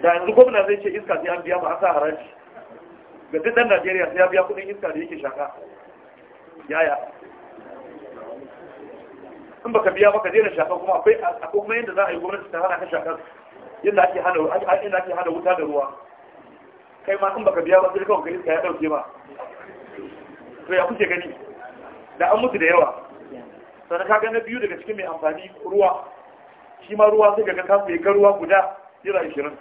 da yanzu gwamna zai ce iska sai an biya ma an sa haraji ga duk ɗan Najeriya sai ya biya kuɗin iska da yake shaka yaya in baka biya baka daina shaka kuma akwai akwai kuma yadda za a yi gwamnati ta hana ka shakar yadda ake hana wuta da ruwa kai ma in baka biya ba sai kawai gari ka ya dauke ba to ya kuke gani da an mutu da yawa sannan kaga na biyu daga cikin mai amfani ruwa shi ma ruwa sai ga ka mai ga ruwa guda jira 20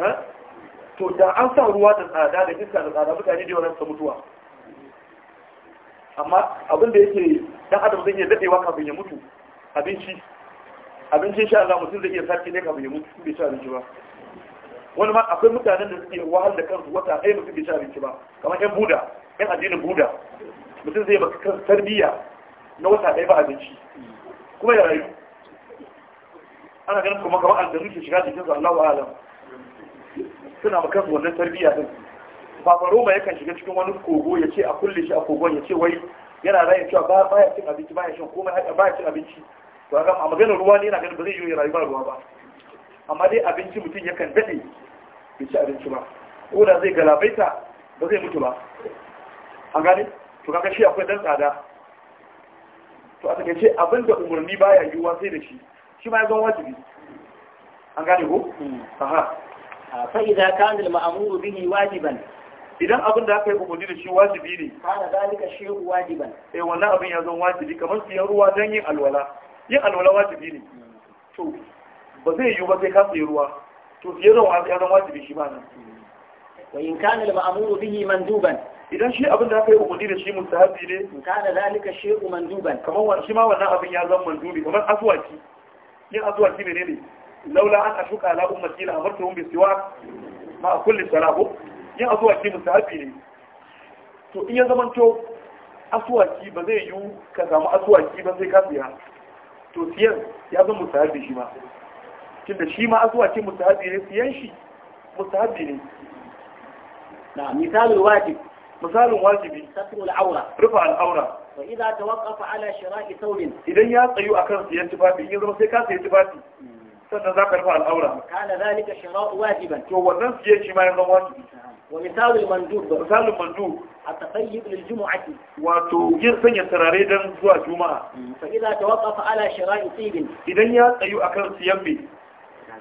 eh? to da an sa ruwa da tsada da iska da tsada mutane da yawa sun mutuwa amma abin da yake dan adam zai iya dadewa kafin ya mutu abinci abincin sha Allah mutum zai iya sarki ne kafin ya mutu bai ci abinci ba wani ma akwai mutanen da suke wahal da kansu wata ɗaya mutum bai ci abinci ba kamar yan buda yan addinin buda mutum zai baka kan tarbiyya na wata ɗaya ba abinci kuma ya rayu ana ganin kuma kamar aljanu ke shiga jikinsu allahu alam suna ma kansu wannan tarbiyya din baba roma yakan shiga cikin wani kogo ya ce a kulle shi a kogon ya ce wai yana rayu cewa ba ya cin abinci ba ya shan komai ba ya cin abinci to a maganar ruwa ne yana ganin ba zai yi rayuwa ruwa ba amma dai abinci mutum yakan daɗe. bai ci abinci ba ko da zai galabaita ba zai mutu ba an gane to kaka shi akwai dan tsada to a takaice abin da umarni baya yiwuwa sai da shi shi ma ya zama wajibi an gane ko hmm. aha fa idza kana al-ma'muru bihi wajiban idan abin da aka yi umarni da shi wajibi ne kana zalika shehu wajiban eh wannan abin ya zama wajibi kamar siyan ruwa don yin alwala yin alwala wajibi ne hmm. to ba zai yiwu ba sai ka siya ruwa to ya zama ya zama wajibi shi ma nan wa in kana al ma'muru bihi manduban idan shi abin da aka yi umarni da shi mustahabi ne in kana zalika shay'u manduban kamar wannan shi ma wannan abin ya zama mandubi kamar aswaki yin ne ne. laula an ashuka ala ummati la amartuhum bi siwak ma kulli salahu yin aswaki mustahabi ne to in ya zamanto aswaki ba zai yiwu ka samu aswaki ba sai ka siya to siyan ya zama mustahabi shi ma tunda shi ma azuwakin mustahabi ne siyan shi mustahabi ne na misalin wajib misalin wajibi satru al-aura rufa al-aura wa idza tawaqqafa ala shira'i thawbin idan ya tsayu akan siyan tufafi in zama sai ka sayi tufafi sannan za ka rufa al-aura kana zalika shira'u wajiban to wannan siyan shi ma ya zama wajibi wa misalin mandub da misalin mandub a tafayyib lil jumu'ati wato yin sanya turare dan zuwa juma'a fa idza tawaqqafa ala shira'i thawbin idan ya tsayu akan siyan mai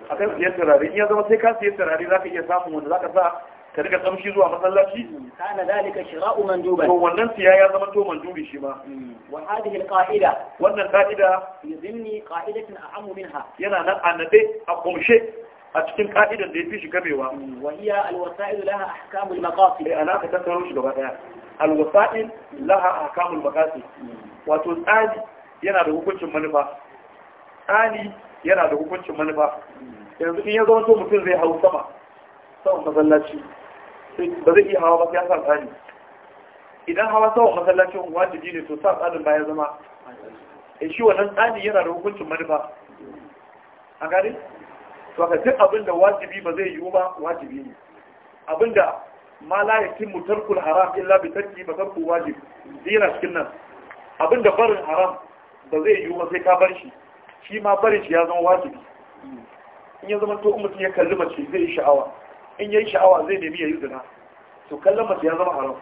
akan siyan turare in zama sai ka siyan turare za ka iya samun wanda za ka sa ka riga tsamshi zuwa masallaci kana dalika shira'u manduba to wannan siya ya zama to mandubi shi ma mm. wa hadhihi alqa'ida wannan qa'ida yuzinni qa'idatin a'amu minha yana nan annabe a kumshe a cikin ka'idan da ya fi shi gamewa mm. wa hiya eh, alwasa'il laha ahkamul maqasid ana ka tattaro shi gaba daya alwasa'il laha ahkamul maqasid wato tsari yana da hukuncin manufa ƙur'ani yana da hukuncin manufa yanzu in ya zama to mutum zai hau sama saman masallaci ba zai iya hawa ba sai ya sa tsani idan hawa saman masallacin wajibi ne to sa tsarin ba ya zama e shi wannan tsani yana da hukuncin manufa a gane to ka duk abin da wajibi ba zai yiwu ba wajibi ne abin da ma la yatimmu tarkul haram illa bi tarki ba tarku wajib yana cikin nan abin da barin haram ba zai yiwu ba sai ka bar shi shi ma barin shi ya zama wajibi in ya zama to mutum ya kalli mace zai yi sha'awa in ya yi sha'awa zai nemi ya yi zina to kallon mace ya zama haram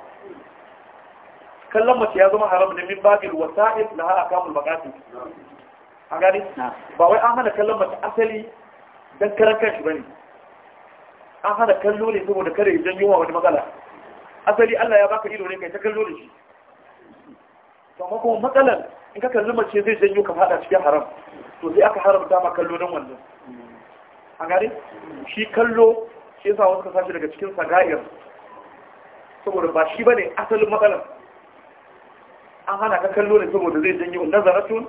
kallon mace ya zama haram ne min babin wasa'id na ha'a kamun bakatu a gani ba wai an hana kallon mace asali don karan kanshi ba ne an hana kallo ne saboda kada ya janyo wa wani matsala asali allah ya baka ido ne kai ta kallo da shi to kuma matsalar in ka kalli mace zai janyo ka fada cikin haram to sai aka haramta ma kallo don wannan an gane shi kallo shi yasa wasu kasashe daga cikin sagayar saboda ba shi bane asalin matsalar an hana ka kallo ne saboda zai janyo nazaratun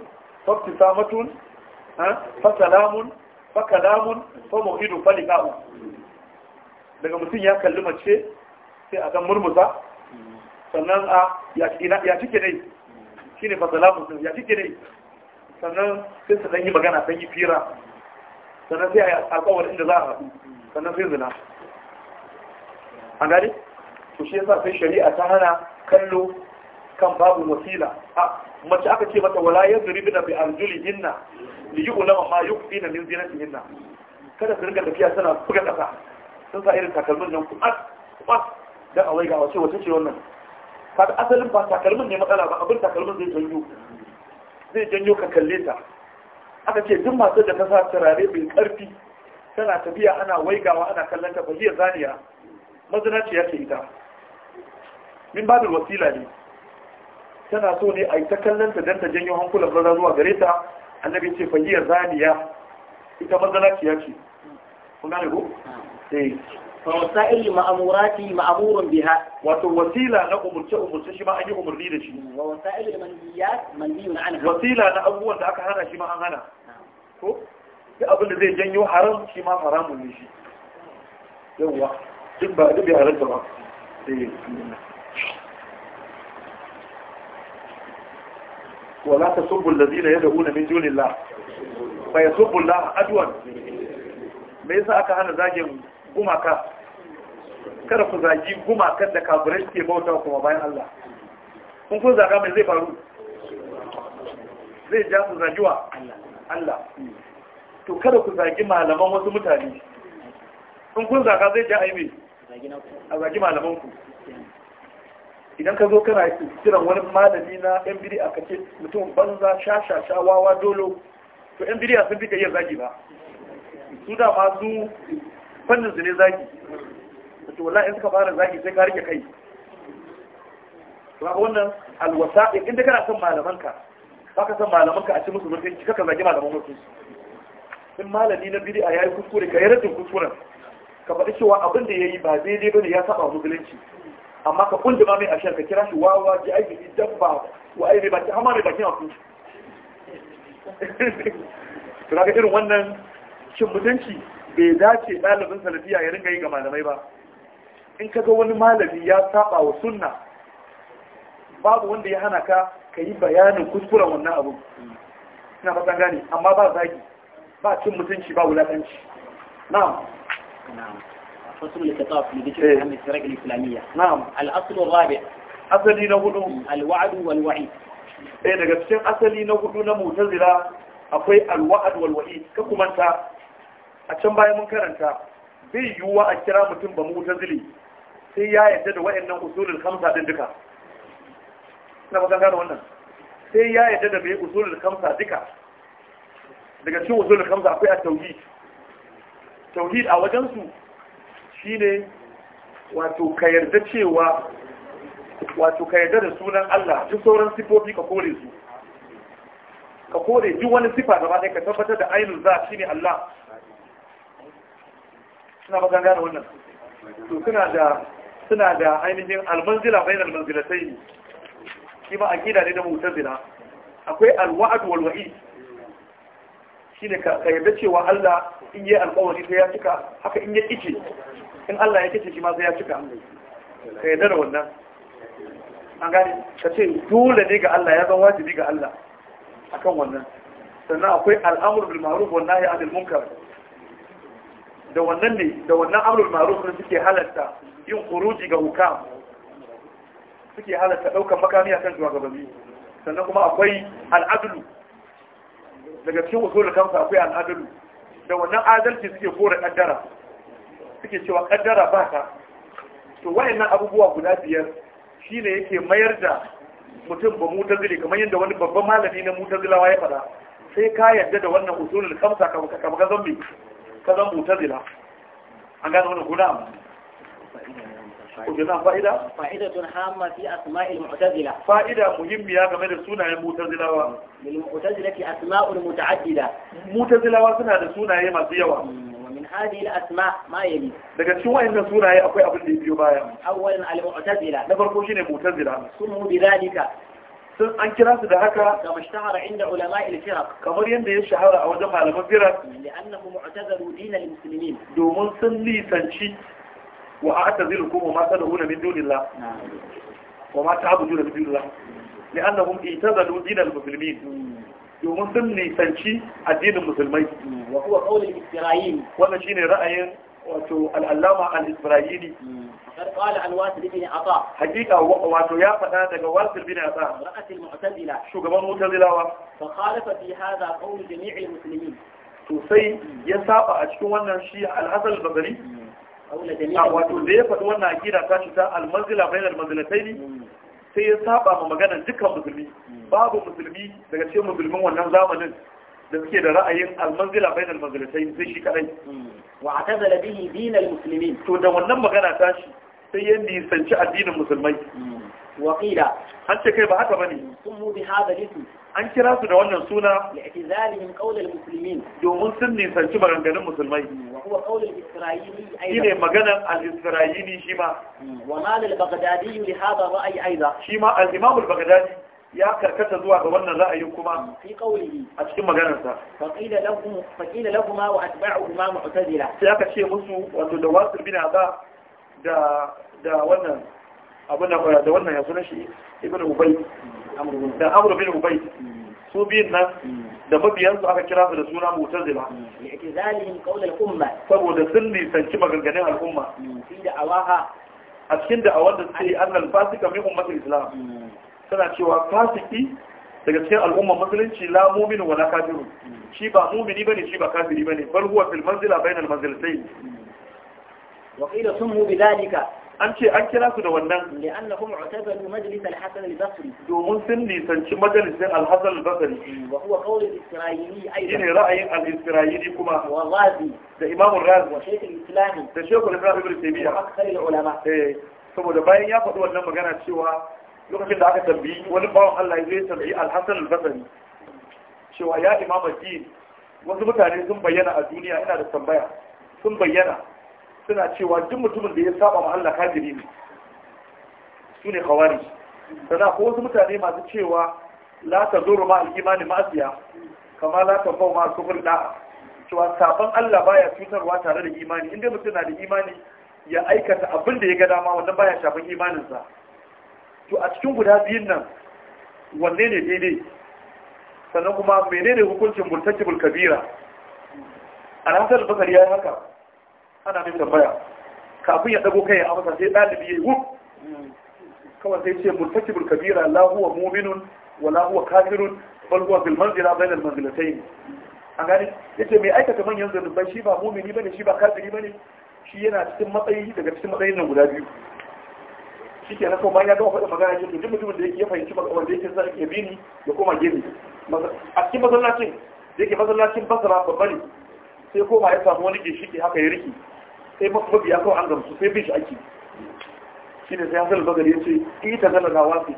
samatun, fasalamun fakalamun fa mau'idun falika'u daga mutum ya kalli mace sai a kan murmusa sannan a ya cike Shi shine fasalamun ya cike ne? sannan sai su yi magana sai yi fira sannan sai a yi alkawar inda za a haɗu sannan sai zina an gani to shi yasa sai shari'a ta hana kallo kan babu wasila a mace aka ce mata wala yadribna bi arjulihinna li ulama ma yuqina min hinna kada su rinka tafiya suna buga kasa sun sa irin takalmin nan kuma kuma dan wai ga wace wace ce wannan Kada asalin ba takalmin ne matsala ba abin takalmin zai janyo zai janyo ka kalle ta aka ce duk masu da ta sa turare mai karfi tana tafiya ana waigawa ana kallon ta fahiyar zaniya mazinaci ya ce ita min ba wasila ne tana so ne a yi ta kallon ta don ta janyo hankulan maza zuwa gare ta annabi ce fahiyar zaniya ita mazinaci ya ce kun ne ko? Ah. Eh. fa wasa'il ma'amurati ma'amuran biha wato wasila na umurce umurce shi ma an yi umurni da shi wa wasa'il manhiyat manhiyun anha wasila na abubuwan da aka hana shi ma an hana ko duk abin da zai janyo haram shi ma haramun ne shi yawwa duk ba duk bai haramta ba eh ولا تسبوا الذين يدعون من دون الله فيسبوا الله عدوا me yasa aka hana zagin gumaka kada ku zagi gumakan da kafirai suke bauta kuma bayan Allah kun kun zaga mai zai faru zai ja ku zagi wa Allah to kada ku zagi malaman wasu mutane kun kun zaga zai ja aibe a zagi malaman ku idan ka zo kana kiran wani malami na yan biri a kace mutum banza shashasha wawa dolo to yan biri sun fi ka iya zagi ba su da masu fannin su ne zagi To wallahi in suka fara zagi sai ka rike kai ba wannan alwasa'i inda kana son malamanka ba ka son malamanka a ci musu mutunci kaka zagi malaman musu. in malami na bid'a yayi kuskure ka yi rajin kuskuren ka faɗi cewa abin da yayi ba daidai bane ya saba musulunci amma ka kunje ma mai ashar ka kira shi wawa ji aiki dabba wa aiki ta hama mai bakin aku [LAUGHS] to kaga irin wannan cin mutunci bai dace ɗalibin salafiya ya ringa yi ga malamai ba in kaga wani malami ya saba wa sunna babu wanda ya hana ka ka yi bayanin kuskuren wannan abu ina fatan gane amma ba zagi ba cin mutunci ba wulaƙanci na'am فصل الخطاب لذكر أهم الفرق الإسلامية نعم الأصل الرابع أصلي نقول الوعد والوعيد إيه daga cikin asali na hudu na mutazila akwai alwa'ad wal wa'id ka kumanta a can baya mun karanta bai yiwuwa a kira mutum ba mutazili sai ya yarda da wayannan usulul khamsa din duka ina ba gano wannan sai ya yarda da bai usulul khamsa duka daga cikin usulul khamsa akwai at-tauhid tauhid a wajen su shine wato ka yarda cewa wato ka yarda da sunan Allah duk sauran sifofi ka kore su ka kore duk wani sifa gaba ɗaya ka tabbatar da ainihin za shine Allah suna ba gane wannan to kana da suna da ainihin almanzila bayan almanzilatai ne shi a gina ne mutar zina. akwai alwa'ad walwa'i shi ne ka yadda cewa Allah in yi alkawari ta ya cika haka in yi ice in Allah ya kice shi ma zai ya cika ka yadda da wannan an gani, ka ce dole ne ga Allah ya zan wajibi ga Allah akan wannan sannan akwai al'amur, bil ma'ruf ya nahy anil munkar da wannan ne da wannan amrul ma'ruf ne suke halatta yin khuruji ga hukam suke halatta daukar makami akan shugabanni sannan kuma akwai al'adalu, daga cikin usulul kamsa akwai al'adalu, da wannan adalci suke kore kaddara suke cewa kaddara ba ta to wayannan abubuwa guda biyar shine yake mayar da mutum ba mutazili kamar yadda wani babban malami na mutazilawa ya fada sai ka yarda da wannan usulul kamsa kamar ka zan ka zan mutazila an gane wani guda Ujina fa'ida? Fa'ida tun hama fi asma'il mu'tazila. Fa'ida muhimmiya game da sunayen mutazilawa. Lil mu'tazila fi asma'ul muta'addida. Mutazilawa suna da sunaye masu yawa. Mm, min hadhihi al-asma ma yali daga cikin wayannan sunaye akwai abin da biyo baya awwalan al-mu'tazila na farko shine mu'tazila sumu bi zalika sun an kira su da haka kama shahara inda ulama al-firaq kamar yadda ya shahara a wajen malaman firaq li'annahu mu'tazaru din al-muslimin domin sun lisanci wa a'tazilukum ma tad'una min dunillah wa ma ta'buduna min dunillah li'annahum i'tazalu din al-muslimin domin sun lisanci addinin musulmai mm, wa huwa qawl al-isra'il wannan shine ra'ayin wato al'allama al-isra'ili قال عن واسل بن عطاء حقيقة واتو يا فتاة واسل بن عطاء امرأة المعتزلة شو كمان معتزلة فخالف في هذا قول جميع المسلمين sosai ya saba a cikin wannan shi alhassan al-basari mm. a ah, wato da ya faɗi wannan akida ta shi ta almanzila bayan almanzilatai ne mm. sai ya saba ma maganar dukkan musulmi mm. babu musulmi daga cikin musulmin wannan zamanin da suke da ra'ayin almanzila bayan almanzilatai sai shi kadai wa atazala bihi dinal muslimin to da wannan magana ta shi sai ya nisanci addinin musulmai mm. wa qila an ce kai ba haka bane sun mu bi hada an kira su da wannan suna li'tizalihim qawl al-muslimin domin sun nisanci maganganun musulmai mm. wa huwa qawl al-isra'ili aidan shine maganar al-isra'ili shi ma mm. wa mal al-baghdadi li hada ra'ayi aidan shi ma al-imam ya karkata zuwa ga wannan ra'ayin kuma fi qawlihi a cikin maganarsa faqila lahum faqila lahum wa atba'uhuma mu'tazila sai aka ce musu wato da wasu bin aba da da wannan abin da da wannan ya sunan shi ibn ubay da amr bin ubay mm. su biyun nan mm. da mabiyansu aka kira su da suna mutazila mm. i'tizalihim qawl al-umma saboda sun nisanci maganganun al'umma fi da a cikin da'awar da a wanda sai annal fasika min ummatil islam tana cewa fasiki daga cikin al'ummar musulunci la mu'minu wala kafiru shi ba mu'mini bane shi ba kafiri bane bal huwa fil manzila bainal manzilatayn wa qila sumu bidhalika an ce an kira su da wannan li'annahum utabaru majlis al-hasan al-basri domin sun nisanci majalisin al-hasan al-basri wa huwa qawl al-isra'ili aidan ne ra'ayin al-isra'ili kuma wa ghazi da imam al-razi wa shaykh al-islam da shaykh al-islam ibn taymiyyah wa akthar al-ulama eh saboda bayan ya faɗi wannan magana cewa lokacin da aka tambayi wani bawon Allah zai tambayi Al-Hasan al-Basri cewa ya Imam Addin wasu mutane sun bayyana a duniya ina da tambaya sun bayyana suna cewa duk mutumin da ya saba ma Allah kafiri ne su ne khawari sana ko wasu mutane masu cewa la zuru ma al-imani ma'asiya kama la bau ma kufur da da'a cewa saban Allah baya cutarwa tare da imani inda mutum na da imani ya aikata abin da ya ga dama wannan baya shafin imaninsa to a cikin guda biyun nan wanne ne daidai sannan kuma menene hukuncin murtakibul kabira alhassan albasar ya yi haka ana mai tambaya kafin ya dago kai a masa sai ɗalibi ya yi wuf kawai sai ce murtakibul kabira la huwa mu'minun wa la huwa kafirun bal huwa fil manzila bainal manzilatayn an gani yace mai aikata manyan zanubai shi ba mu'mini bane shi ba kafiri bane shi yana cikin matsayi daga cikin matsayin nan guda biyu shi ke na kuma ya gama faɗin magana yake duk mutumin da ya fahimci wanda yake zai ke bi ni ya koma gefe a cikin masallacin da yake masallacin basara babba ne sai koma ya samu wani ginshiƙi haka ya riki sai mafi ya kawo an gamsu sai bin shi ake shi ne sai hasan bagari ya ce ita zala na wasi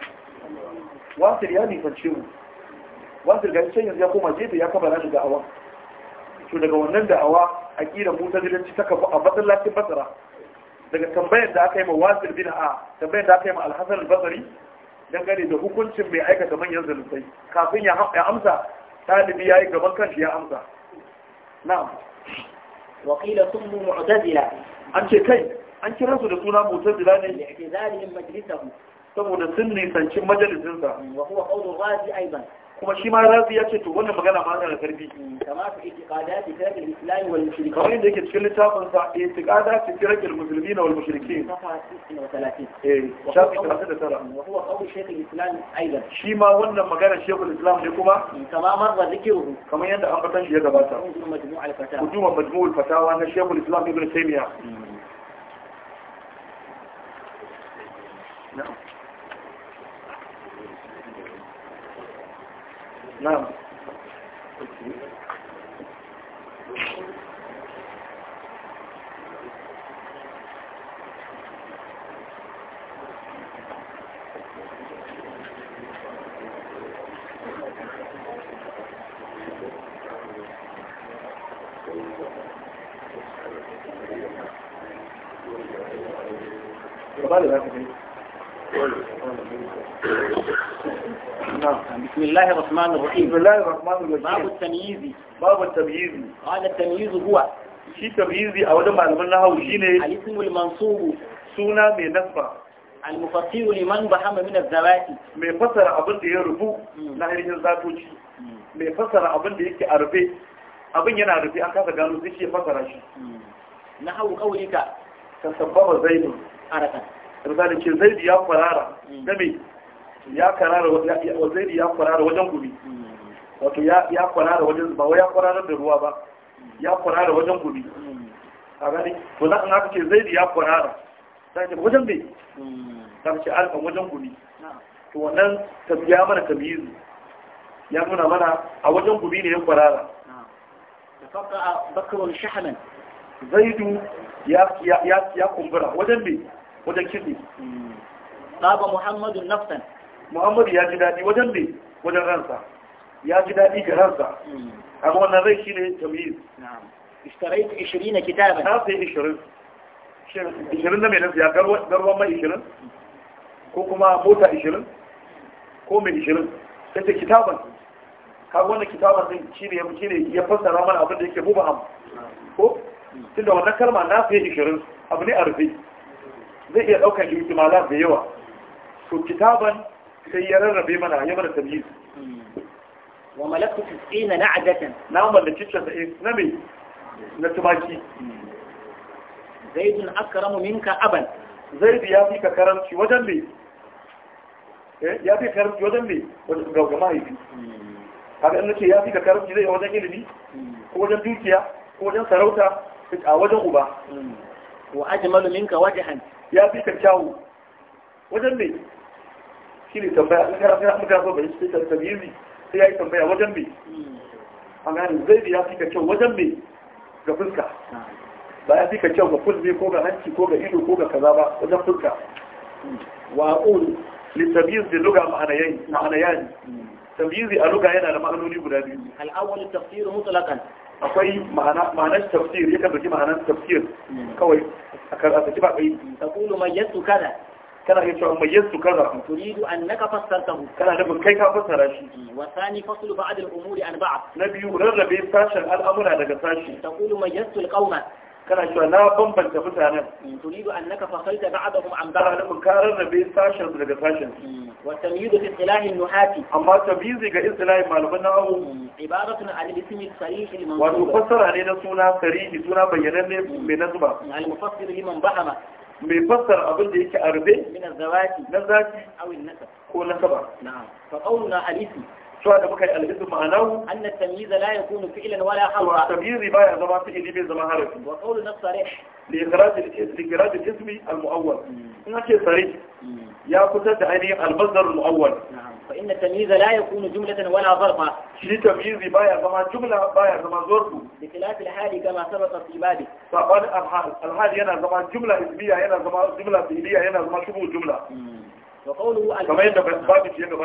wasir ya nisance mu wasir ga can yanzu ya koma jefe ya kaba na awa to daga wannan awa a ƙira mu ta gidanci ta kafa a masallacin basara. daga tambayar da aka yi ma wasil bin a tambayar da aka yi alhassan dangane da hukuncin mai aikata manyan zaluntai kafin ya amsa ɗalibi ya yi gaban kanshi ya amsa na'am wakila sun mu mu'tazila an ce kai an kira su da suna mu'tazila ne ake zalihin majalisahu saboda sun nisanci majalisinsa wa huwa qawlu ghazi aidan kuma shi ma razi ya ce to wannan magana ma tana da karfi kamar yadda yake cikin littafin sa itiqada fi firq al-muslimin wal mushrikin eh shafi 39 shi ma wannan magana shekul islam ne kuma mm, kamar marra zikiru kamar yadda an fatan shi ya gabata hujuma majmu'ul fatawa na shekul islam ibn taymiya mm. na'am 那。الرحمن الرحيم بسم الله الرحمن الرحيم باب التمييز باب التمييز قال التمييز هو شي تمييز او ده معلوم النحو شيء الاسم المنصوب سونا من نصب المفسر لمن بهم من الذوات mai fasara abin da ya rubu na ainihin zatoci mai fasara abin da yake a rufe abin yana rufe an kasa gano zai ya fasara shi na hau kaulika ka sabbaba zaidun arakan ce ya farara ya karara wazaini ya kwarara wajen gumi wato ya kwarara wajen ba wai ya kwarara da ruwa ba ya kwarara wajen gumi a gani to za an haka ce zaidi ya kwarara ta ce wajen bai ta ce alfan wajen gumi to wannan tafiya mana tamizu ya nuna mana a wajen gumi ne ya kwarara zaidu ya kumbura wajen bai wajen kitse Saba Muhammadu Naftan. muhammadu ya ji daɗi wajen ne wajen ransa ya ji daɗi ga ransa amma wannan rai shi ne ishtaraitu 20 na sai 20 20 da mai nan ya mai 20 ko kuma mota 20 ko mai 20 sai ta kitaban ka wannan kitaban din ne ya ne ya fassara mana abin da yake mu ba ko hmm. tunda wannan kalma na sai ishirin abu ne a rufe zai iya ɗaukar ihtimalat da yawa to kitaban sai ya rarrabe mana ya mana tamyiz hmm. wa malaktu tis'ina na'jatan na umar da da 90 na me na tumaki hmm. zaidun akramu minka aban zaid ya fi ka karanci wajen me eh, ya fi karanci wajen me wajen ga mahaifi hmm. kaga in nace ya fi ka karanci zai wajen ilimi ko wajen dukiya ko wajen sarauta a wajen uba wa ajmalu minka wajhan ya fi ka kyawu wajen me shi ne tambaya in kana muka so bai shi ta tabiri sai yayi tambaya wajen me an gane zai ya fika kyau wajen me ga fuska ba ya fika kyau ga kulbe ko ga hanci ko ga ido ko ga kaza ba wajen fuska wa aqul litabyiz bi lugha ma'anayayn ma'anayan tabyizi a lugha yana da ma'anoni guda biyu al-awwal tafsir mutlaqan akwai ma'anar tafsir yakan dauki ma'anar tafsir kawai a karatu ba kai taqulu mayyatu kada كذا هي تقول ميزت كذا تريد انك لك فسرته كذا نبي كيف فسر شيء وثاني فصل بعد الأمور عن بعض نبي يقرر بين فاشل الأمر على فاشل تقول ميزت القوم كذا شو أنا بمن تفوت أنا تريد انك فصلت بعضهم عن بعض كذا نبي كارن بين فاشل على فاشل والتمييز في اصطلاح النحات اما تمييز في اصطلاح ما لو بنعه عبارة عن الاسم الصريح المنصوب وتفسر علينا سنة صريح سنة بيانة من نصبة المفسر لمن بحمة mai fassara abin da yake a rufe na zafi ko nasaba na'am fa qawluna alisi cewa da muka yi alhizu ma'anahu anna tamyiza la yakunu fi'lan wala harfa tamyizi baya zama fi'li bai zama harafi wa qawlu nasrih li ikhraj li ikhraj al-ismi al-mu'awwal hmm. in ake sarih hmm. ya fitar da ainihin al-mazdar al-mu'awwal na'am فإن التمييز لا يكون جملة ولا ظرفا شي تمييز بايا زما جملة بايا زما ظرف بخلاف الحال كما سبق في بابه فقال الحال الحال ينا زما جملة اسمية ينا زما جملة فعلية ينا زما شبه جملة وقوله كما يندب باب يندب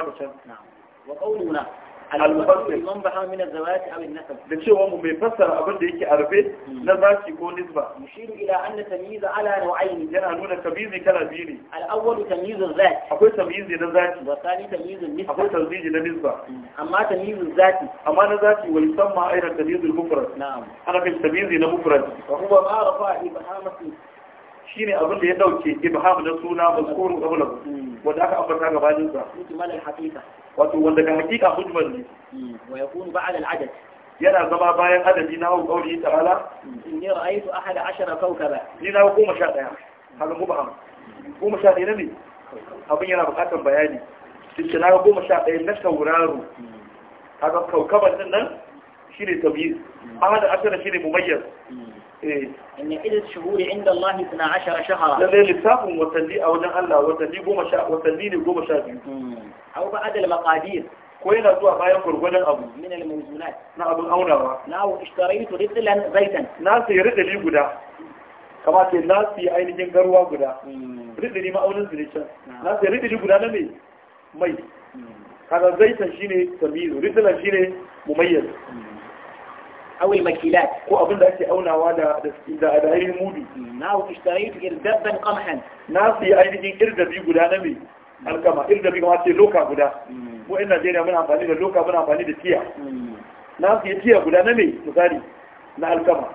نعم وقولنا da cewa mu mai fassara abinda da yake arbe na zaki ko nisba mushiru ila anna tamyiza ala ru'ayn yana nuna tamyizi kala biyu ne al awwal tamyizu zati akwai tamyizi na zati wa thani tamyizu nisba akwai tamyizi na nisba hmm. amma tamyizu zati amma na zati wa yusamma ayra tamyizu al-mufrad na'am ana kan tamyizi na mufrad wa huwa ma rafa ibhamati shine abin da ya dauke ibham na suna mazkur qablahu hmm. wa da aka ambata gabanin sa wato wanda ga hakika mujmal ne hmm, wa yakunu ba'da yana zama bayan adadi na hau ta ala. Hmm, in ya ra'aytu ahada ashara kawkaba ni na goma sha daya kaga mubham goma sha daya ne abin yana bukatar bayani cikin na goma sha daya na tauraro hmm. kaga kawkaban din nan شيء تبيز هذا أصلا شيء مميز ايه إن عدة شهور عند الله 12 شهرا لا لا لساهم وتنلي أو الله وتنلي بو أو بعد المقادير كوين أتوا بايا كرغولا أبو من الموزونات نعم أبو أونا نعم اشتريت رجلا زيتا ناس يرد لي بدا كما في ناس في أين جنغروا بدا رد ما أونا زريشا ناس نعم. يرد لي بدا نمي مي هذا زيتا شيني تميز رجلا شيني مميز أو makilat ko abin da ake aunawa da da ainihin mudu na ku ishtaritu irdabban qamhan na su yi ainihin irdabi guda na mai hmm. alkama irdabi kuma ce loka guda ko hmm. in Najeriya muna amfani da loka muna amfani da hmm. na alkama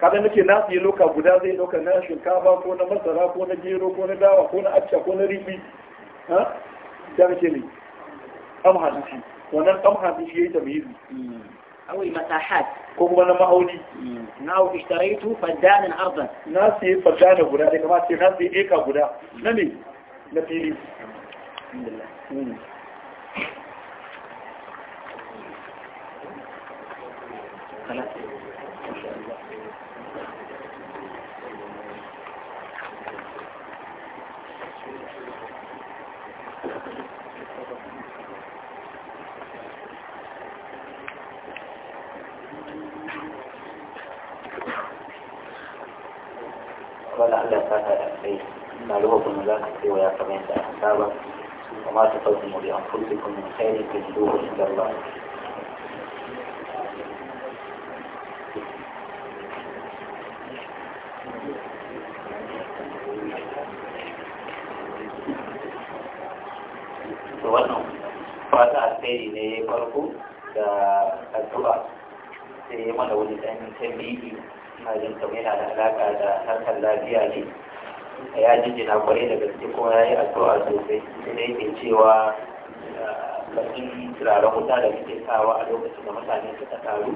kada nake na su loka guda zai loka na shinkafa ko na masara ko na gero ko na dawa ko na acca ko na ribi ha da nake ne amhadi wannan amhadi shi yayi tamyizi أو المساحات كم أنا ما أولي ناو اشتريته فدانا أرضا ناسي فدانا بدا لك تغذي إيكا بدا نمي نبيلي الحمد لله خلاص wala Allah ta ta da kai na ruwa kuma za ka kai wa ya kamar yadda aka saba وما تقدموا لأنفسكم من خير تجدوه عند الله yana da alaƙa da harkar lafiya ne ya jina kwarai da gaske kuma ya yi addu'a sosai sai ke cewa mafi ah, turaren wuta da suke sawa a lokacin da mutane suka taru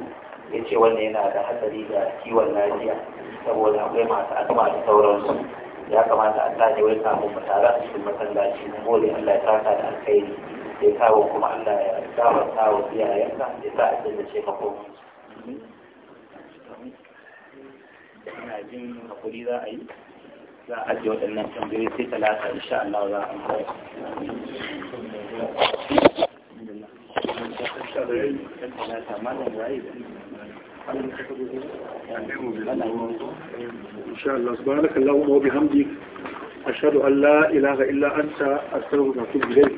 ya ce wannan yana da hatsari ga kiwon lafiya saboda akwai masu asma da sauransu ya kamata a sake wai samu mu a cikin masallaci na gode Allah ya saka da alkhairi ya kawo kuma Allah ya gafarta wa iyayenka ya sa a cikin shekaru ina jin hakuri za a yi za a ajiye waɗannan tambayoyi sai talata insha Allah za a amfani إن شاء الله سبحانك اللهم وبحمدك أشهد أن لا إله إلا أنت أستغفرك وأتوب إليك